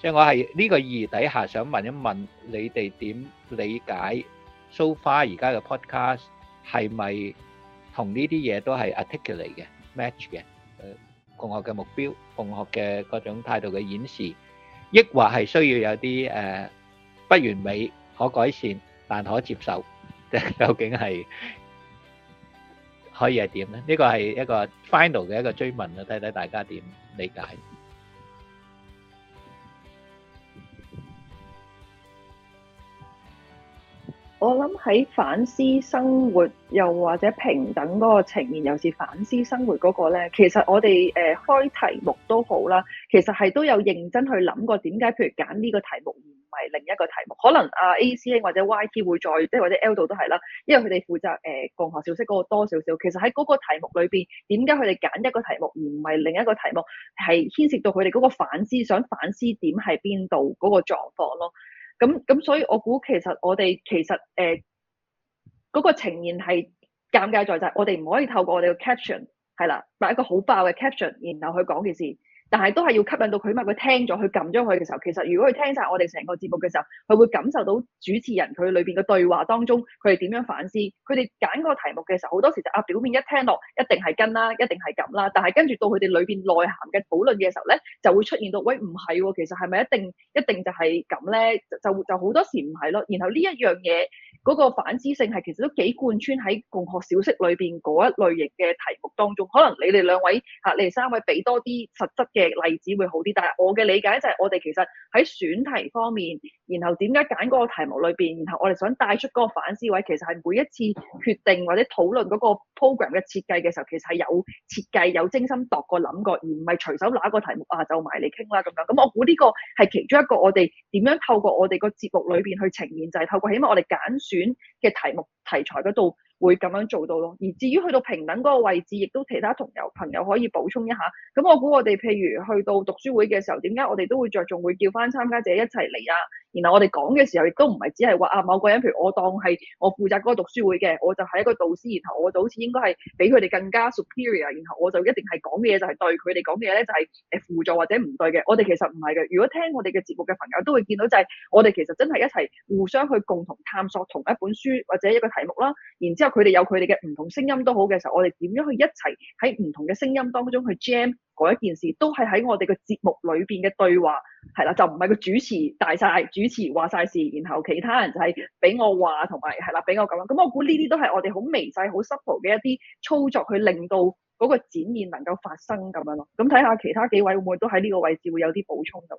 [SPEAKER 2] 即係我係呢個意義底下想問一問你哋點理解？So far 而家嘅 Podcast 係咪同呢啲嘢都係 articulate 嘅 match 嘅？誒，共學嘅目標、共學嘅各種態度嘅演示。抑或係需要有啲誒、不完美可改善，但可接受，即係究竟係可以係點咧？呢個係一個 final 嘅一個追問啊，睇睇大家點理解。
[SPEAKER 1] 我諗喺反思生活又或者平等嗰個情面，又是反思生活嗰個咧，其實我哋誒、呃、開題目都好啦，其實係都有認真去諗過點解，譬如揀呢個題目而唔係另一個題目。可能啊 A C 或者 Y T 會再即係或者 L 度都係啦，因為佢哋負責誒、呃、共學小息嗰個多少少，其實喺嗰個題目裏面，點解佢哋揀一個題目而唔係另一個題目，係牽涉到佢哋嗰個反思想反思點喺邊度嗰個狀況咯。咁咁所以，我估其實我哋其實誒嗰個呈現係尷尬在就係，我哋唔可以透過我哋嘅 caption 係啦，買一個好爆嘅 caption，然後去講件事。但係都係要吸引到佢嘛，佢聽咗佢撳咗佢嘅時候，其實如果佢聽晒我哋成個節目嘅時候，佢會感受到主持人佢裏面嘅對話當中，佢哋點樣反思，佢哋揀嗰個題目嘅時候，好多時就啊，表面一聽落，一定係跟啦，一定係咁啦，但係跟住到佢哋裏面內涵嘅討論嘅時候咧，就會出現到喂，唔係喎，其實係咪一定一定就係咁咧？就就好多時唔係咯，然後呢一樣嘢。嗰個反思性係其實都幾貫穿喺共學小息裏面嗰一類型嘅題目當中，可能你哋兩位嚇，你哋三位俾多啲實質嘅例子會好啲。但係我嘅理解就係我哋其實喺選題方面，然後點解揀嗰個題目裏面，然後我哋想帶出嗰個反思位，其實係每一次決定或者討論嗰個 program 嘅設計嘅時候，其實係有設計有精心度過諗過，而唔係隨手拿一個題目啊就埋嚟傾啦咁樣。咁我估呢個係其中一個我哋點樣透過我哋個節目裏面去呈現，就係、是、透過起碼我哋揀，選嘅題目題材嗰度會咁樣做到咯，而至於去到平等嗰個位置，亦都其他同友朋友可以補充一下。咁我估我哋譬如去到讀書會嘅時候，點解我哋都會著重會叫返參加者一齊嚟啊？然後我哋講嘅時候也不是只是說，亦都唔係只係話啊某個人，譬如我當係我負責嗰個讀書會嘅，我就係一個導師，然後我就好似應該係比佢哋更加 superior，然後我就一定係講嘅嘢就係對佢哋講嘅嘢咧就係誒輔助或者唔對嘅。我哋其實唔係嘅。如果聽我哋嘅節目嘅朋友都會見到就係我哋其實真係一齊互相去共同探索同一本書或者一個題目啦。然之後佢哋有佢哋嘅唔同聲音都好嘅時候，我哋點樣去一齊喺唔同嘅聲音當中去 jam。嗰一件事都係喺我哋嘅節目裏邊嘅對話，係啦，就唔係個主持大晒，主持話晒事，然後其他人就係俾我話同埋係啦，俾我咁樣。咁我估呢啲都係我哋好微細、好 simple 嘅一啲操作，去令到嗰個展現能夠發生咁樣咯。咁睇下其他幾位會唔會都喺呢個位置會有啲補充噶？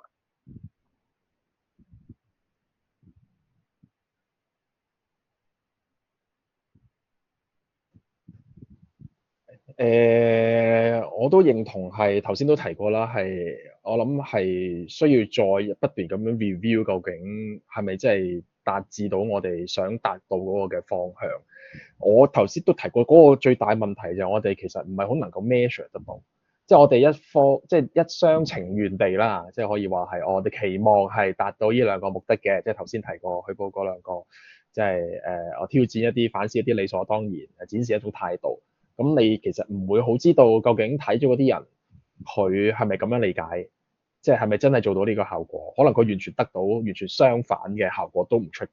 [SPEAKER 5] 誒、
[SPEAKER 3] 呃，我都認同係頭先都提過啦，係我諗係需要再不斷咁樣 review，究竟係咪真係達至到我哋想達到嗰個嘅方向？我頭先都提過嗰、那個最大問題就係我哋其實唔係好能夠 measure 得到，即、就、係、是、我哋一科即係、就是、一雙情願一廂情願地啦，即、就、係、是、可以話係、哦、我哋期望係達到呢兩個目的嘅，即係頭先提過佢嗰兩兩個，即係誒我挑戰一啲反思一啲理所當然，展示一種態度。咁你其實唔會好知道究竟睇咗嗰啲人佢係咪咁樣理解，即係係咪真係做到呢個效果？可能佢完全得到完全相反嘅效果都唔出奇。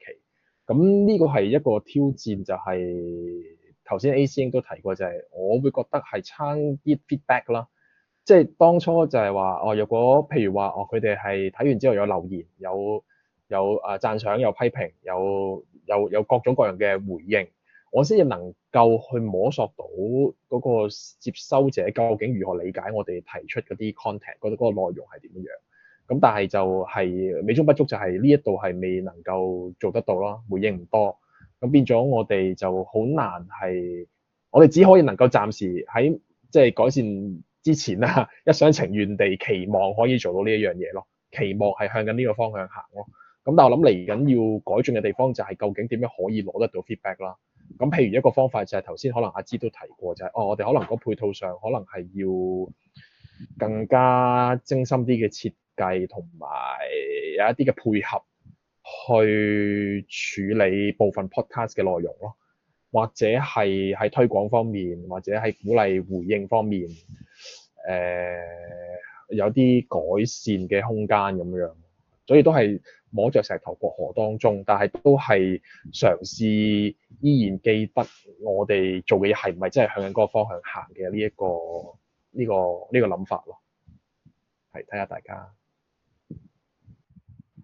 [SPEAKER 3] 咁呢個係一個挑戰、就是，就係頭先 A C 都提過、就是，就係我會覺得係參啲 feedback 啦，即、就、係、是、當初就係話哦，若果譬如話哦，佢哋係睇完之後有留言，有有誒、呃、讚賞，有批評，有有有各種各樣嘅回應。我先至能夠去摸索到嗰個接收者究竟如何理解我哋提出嗰啲 content 嗰嗰個內容係點樣。咁但係就係美中不足，就係呢一度係未能夠做得到囉，回應唔多。咁變咗我哋就好難係，我哋只可以能夠暫時喺即係改善之前啦一廂情願地期望可以做到呢一樣嘢咯，期望係向緊呢個方向行咯。咁但係我諗嚟緊要改進嘅地方就係究竟點樣可以攞得到 feedback 啦。咁，譬如一個方法就係頭先可能阿芝都提過，就係、是、哦，我哋可能個配套上可能係要更加精心啲嘅設計，同埋有一啲嘅配合去處理部分 podcast 嘅內容咯，或者係喺推廣方面，或者係喺鼓勵回應方面，誒、呃、有啲改善嘅空間咁樣，所以都係摸着石頭過河當中，但係都係嘗試。依然記得我哋做嘅嘢係唔係真係向緊嗰個方向行嘅呢一個呢、呢個呢、呢個諗法咯，係睇下大家。
[SPEAKER 5] 誒、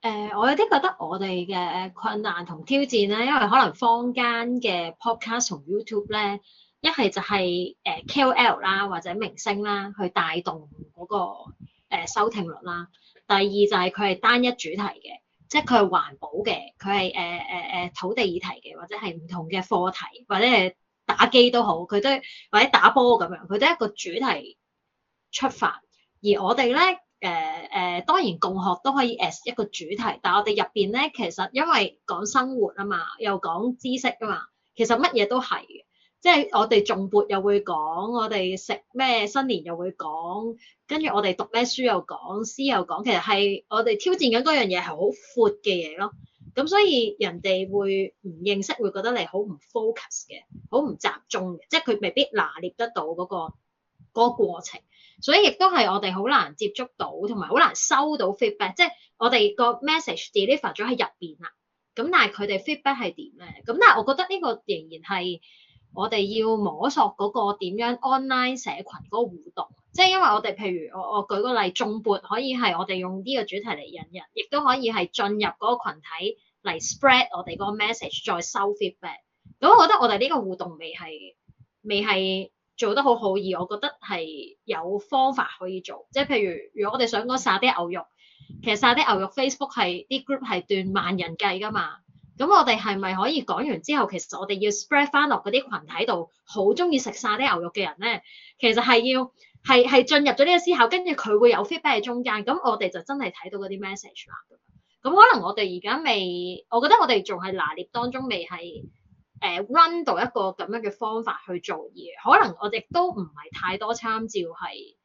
[SPEAKER 5] 呃，我有啲覺得我哋嘅困難同挑戰咧，因為可能坊間嘅 podcast 同 YouTube 咧，一係就係誒 KOL 啦或者明星啦去帶動嗰個收聽率啦，第二就係佢係單一主題嘅。即係佢係環保嘅，佢係誒誒誒土地議題嘅，或者係唔同嘅課題，或者係打機都好，佢都或者打波咁樣，佢都係一個主題出發。而我哋咧，誒、呃、誒、呃、當然共學都可以 as 一個主題，但係我哋入邊咧，其實因為講生活啊嘛，又講知識啊嘛，其實乜嘢都係嘅。即係我哋重播又會講，我哋食咩新年又會講，跟住我哋讀咩書又講，詩又講。其實係我哋挑戰緊嗰樣嘢係好闊嘅嘢咯。咁所以人哋會唔認識，會覺得你好唔 focus 嘅，好唔集中嘅，即係佢未必拿捏得到嗰個嗰個過程。所以亦都係我哋好難接觸到，同埋好難收到 feedback。即係我哋個 message deliver 咗喺入面啦。咁但係佢哋 feedback 係點咧？咁但係我覺得呢個仍然係。我哋要摸索嗰個點樣 online 社群嗰個互動，即係因為我哋譬如我我舉個例，眾撥可以係我哋用呢個主題嚟引人，亦都可以係進入嗰個群體嚟 spread 我哋嗰個 message，再收 feedback。咁我覺得我哋呢個互動未係未係做得好好，而我覺得係有方法可以做，即係譬如如果我哋想講沙啲牛肉，其實沙啲牛肉 Facebook 係啲 group 係斷萬人計㗎嘛。咁我哋係咪可以講完之後，其實我哋要 spread 返落嗰啲群體度，好鍾意食晒啲牛肉嘅人咧，其實係要係係進入咗呢個思考，跟住佢會有 feedback 喺中間，咁我哋就真係睇到嗰啲 message 啦。咁可能我哋而家未，我覺得我哋仲係拿捏當中未係誒 run 到一個咁樣嘅方法去做嘢，可能我哋都唔係太多參照係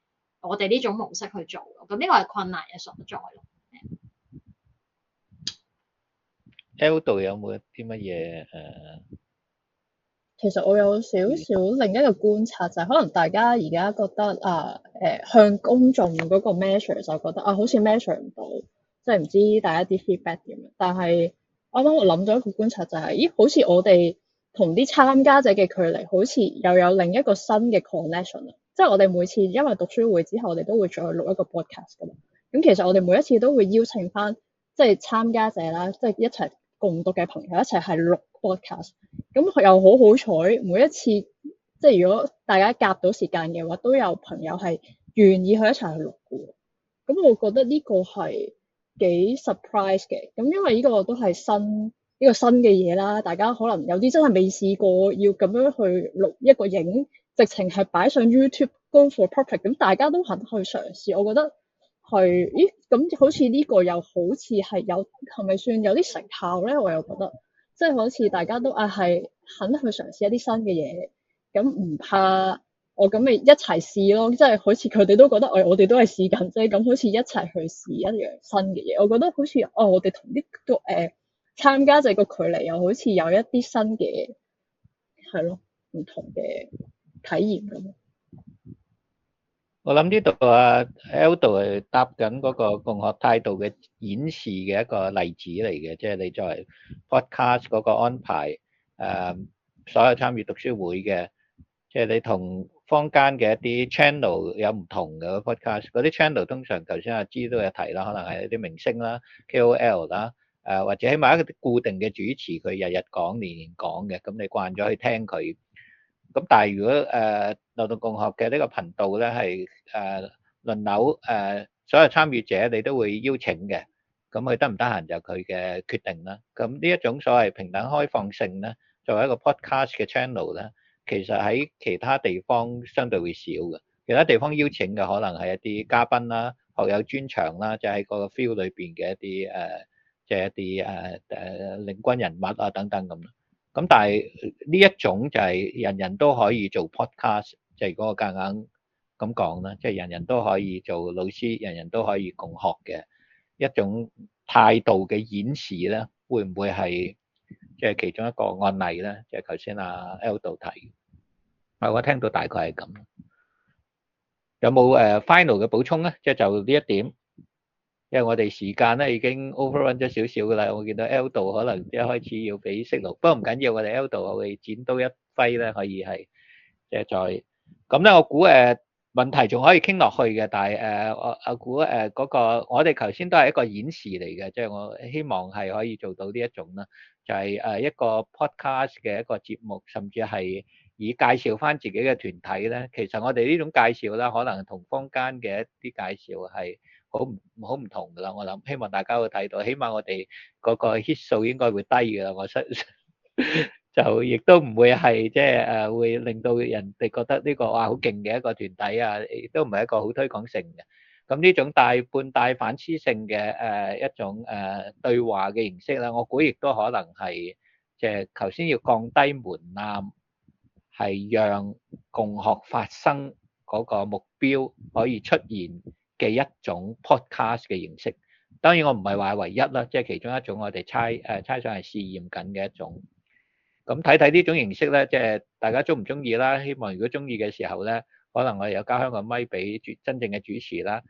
[SPEAKER 5] 我哋呢種模式去做咯。咁呢個係困難嘅
[SPEAKER 2] 所在咯。L 度有冇一啲乜嘢誒？
[SPEAKER 6] 其實我有少少另一個觀察，就係、是、可能大家而家覺得啊向公眾嗰個 measure 就覺得啊，好似 measure 唔到，即係唔知大家啲 feedback 點樣。但係啱啱我諗咗一個觀察、就是，就係咦，好似我哋同啲參加者嘅距離，好似又有另一個新嘅 connection 啊！即、就、係、是、我哋每次因為讀書會之後，我哋都會再錄一個 podcast 噶嘛。咁其實我哋每一次都會邀請翻即係參加者啦，即、就、係、是、一齊。共讀嘅朋友一齊係錄 podcast，咁又好好彩，每一次即係如果大家夾到時間嘅話，都有朋友係願意去一齊去錄嘅。咁我覺得呢個係幾 surprise 嘅，咁因為呢個都係新呢個新嘅嘢啦，大家可能有啲真係未試過要咁樣去錄一個影，直情係擺上 YouTube go for profit，咁大家都肯去嘗試，我覺得。去，咦咁好似呢個又好似係有係咪算有啲成效咧？我又覺得即係、就是、好似大家都啊係肯去嘗試一啲新嘅嘢，咁唔怕我咁咪一齊試咯。即、就、係、是、好似佢哋都覺得、哎、我我哋都係試緊，即係咁好似一齊去試一樣新嘅嘢。我覺得好似哦，我哋同啲個誒、呃、參加者個距離又好似有一啲新嘅係咯，唔同嘅體驗咁。
[SPEAKER 2] 我諗呢度啊，Eldo 係答緊嗰個共學態度嘅演示嘅一個例子嚟嘅，即係你作為 Podcast 嗰個安排，誒所有參與讀書會嘅，即係你同坊間嘅一啲 channel 有唔同嘅 Podcast，嗰啲 channel 通常頭先阿知都有提啦，可能係一啲明星啦、KOL 啦，誒或者起碼一個固定嘅主持，佢日日講、年年講嘅，咁你慣咗去聽佢。咁但係如果誒流動共學嘅呢個頻道咧係誒輪流誒所有參與者你都會邀請嘅，咁佢得唔得閒就佢嘅決定啦。咁呢一種所謂平等開放性咧，作為一個 podcast 嘅 channel 咧，其實喺其他地方相對會少嘅。其他地方邀請嘅可能係一啲嘉賓啦、學有專長啦，即係喺嗰個 field 裏邊嘅一啲誒，即係一啲誒誒領軍人物啊等等咁咁但係呢一種就係人人都可以做 podcast，就係嗰個夾硬咁講啦，即係人人都可以做老師，人人都可以共學嘅一種態度嘅演示呢，會唔會係即係其中一個案例咧？即係頭先阿 L 度提，啊，我聽到大概係咁，有冇誒 final 嘅補充咧？即係就呢一點。因為我哋時間咧已經 overrun 咗少少噶啦，我見到、e、L 度可能一開始要俾息路，不過唔緊要，我哋 L 度我哋剪刀一揮咧，可以係即係再咁咧，我估誒問題仲可以傾落去嘅，但係誒我估誒嗰個我哋頭先都係一個演示嚟嘅，即係我希望係可以做到呢一種啦，就係誒一個 podcast 嘅一個節目，甚至係以介紹翻自己嘅團體咧。其實我哋呢種介紹啦，可能同坊間嘅一啲介紹係。好唔好唔同噶啦？我諗，希望大家會睇到，起碼我哋嗰個 hit 數應該會低噶啦。我失就亦都唔會係即係誒，會令到人哋覺得呢、這個哇好勁嘅一個團體啊，亦都唔係一個好推廣性嘅。咁呢種大半帶反思性嘅誒、呃、一種誒、呃、對話嘅形式啦，我估亦都可能係即係頭先要降低門檻，係讓共學發生嗰個目標可以出現。嘅一種 Podcast 嘅形式，當然我唔係話唯一啦，即係其中一種我哋猜誒猜想係試驗緊嘅一種。咁睇睇呢種形式咧，即係大家鍾唔鍾意啦？希望如果鍾意嘅時候咧，可能我有交響個咪俾主真正嘅主持啦。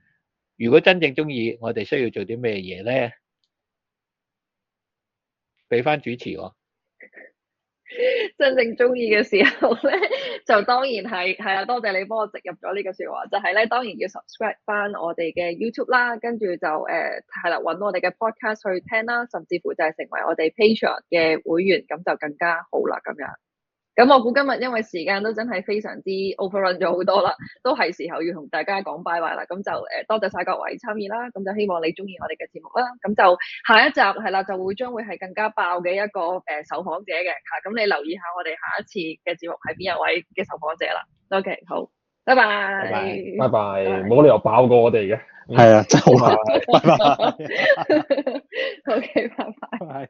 [SPEAKER 2] 如果真正鍾意，我哋需要做啲咩嘢咧？俾翻主持我。
[SPEAKER 1] 真正中意嘅時候咧，就當然係係啊！多謝你幫我植入咗呢個説話，就係、是、咧，當然要 subscribe 翻我哋嘅 YouTube 啦，跟住就誒係啦，揾、呃、我哋嘅 Podcast 去聽啦，甚至乎就係成為我哋 Patreon 嘅會員，咁就更加好啦咁樣。咁我估今日因為時間都真係非常之 overrun 咗好多啦，都係時候要同大家講拜拜 e b 啦，咁就誒多謝晒各位參與啦，咁就希望你中意我哋嘅節目啦，咁就下一集係啦，就會將會係更加爆嘅一個誒、呃、受訪者嘅吓，咁你留意下我哋下一次嘅節目係邊一位嘅受訪者啦，OK 好，拜拜，拜
[SPEAKER 3] 拜，冇拜拜理由爆過我哋嘅，係啊， 真
[SPEAKER 1] 好 拜拜 ，OK 拜拜。拜拜